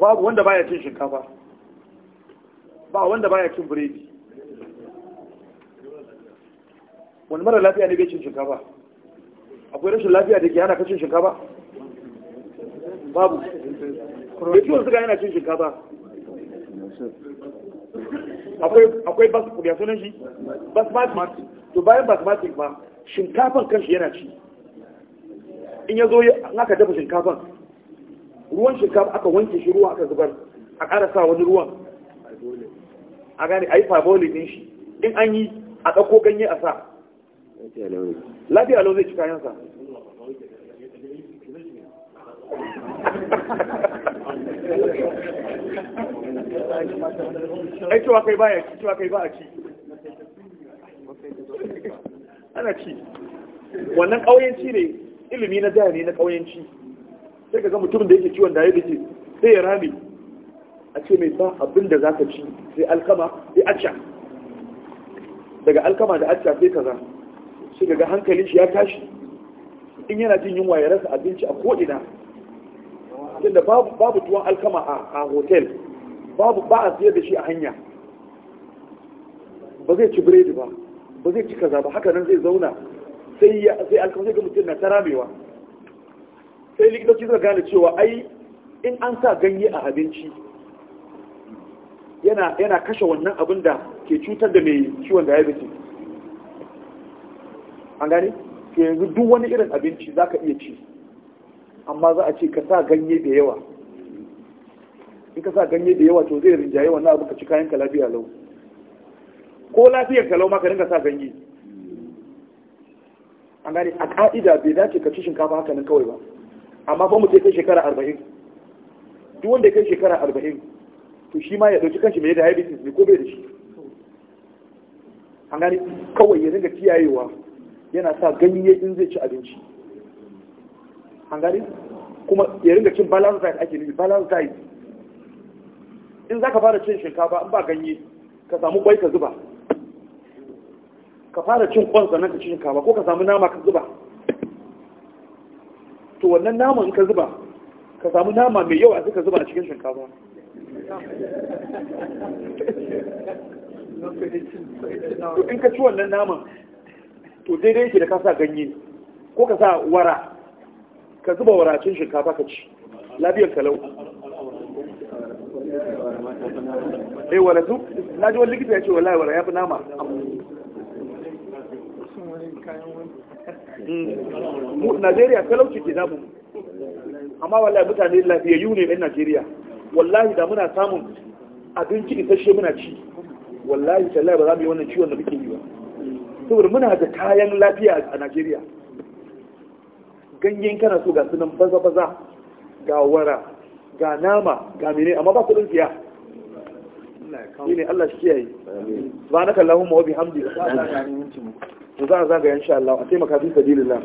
S1: babu wanda baya cin shinkafa ba wanda baya cin biredi wani mara lafiya ne bai cin shinkafa akwai rashin lafiya da ke hana ka cin shinkafa babu mai ciwon suga yana cin shinkafa akwai bas basu ya sunan shi basmati to bayan basmati ba shinkafan kanshi yana ci in ya zo an aka dafa shinkafan ruwan shinkafa aka wanke shi ruwa aka zubar a ƙara sa wani ruwan a gane a yi fabole din shi in an yi a ɗauko ganye a sa lafiya lau zai ci kayansa ai cewa kai baya ci cewa kai ba a ci ana ci wannan ƙauyenci ne ilimi na da ne na ƙauyenci sai ka ga mutumin da yake ciwon da ya dace sai ya rami. a ce mai ba abin da za ka ci sai alkama sai acca daga alkama da acca sai kaza Sai daga hankalin shi ya tashi in yana jin yunwa ya rasa abinci a ko'ina lokacin da babu tuwon alkama a hotel babu ba a siyar da shi a hanya ba zai ci biredi ba ba zai ci kaza ba haka nan zai zauna sai ya alkama zai ga mutum na ta ramewa sai likitoci zai gane cewa ai in an sa ganye a abinci yana kashe wannan abin da ke cutar da mai ciwon diabetes an gane ke yanzu duk wani irin abinci za ka iya ci amma za a ce ka sa ganye da yawa in ka sa ganye da yawa to zai rinjaye wannan abu ka ci kayan ka lafiya lau ko lafiyar ka lau ma ka dinga sa ganye an gane a ka'ida bai dace ka ci shinkafa haka nan kawai ba amma mu sai kai shekara arba'in duk wanda kai shekara arba'in to shi ma ya ɗauki kanshi mai da diabetes ne ko bai da shi an gane kawai ya ringa kiyayewa yana sa ganye in zai ci abinci an kuma ya da cin balance diet ake nufi balance diet in za ka fara cin shinkafa an ba ganye ka samu kwai ka zuba ka fara cin kwan sannan ka cin shinkafa ko ka samu nama ka zuba to wannan nama in ka zuba ka samu nama mai yawa sai ka zuba a cikin shinkafa to in ka ci wannan naman to daidai yake da ka sa ganye ko ka sa wara ka zuba waracin shinkafa ka ci labiyar kalau
S2: eh wala su na ji wani likita ya ce wallahi
S1: wala ya fi nama
S2: kalau hmm. talauci ke
S1: mu. amma wallahi mutane lafiyayyu ne ɗan Najeriya wallahi da muna samun abinci isasshe muna ci wallahi tallahi ba za mu yi wannan ciwon da muke yi ba saboda muna da kayan lafiya a Najeriya ganyen kana so ga sunan baza-baza ga wara ga nama ga mene amma ba kudin siya ne Allah shi kiyaye subhanaka allahumma wa mu. to za a zagaya insha Allah a taimaka fi sabilillah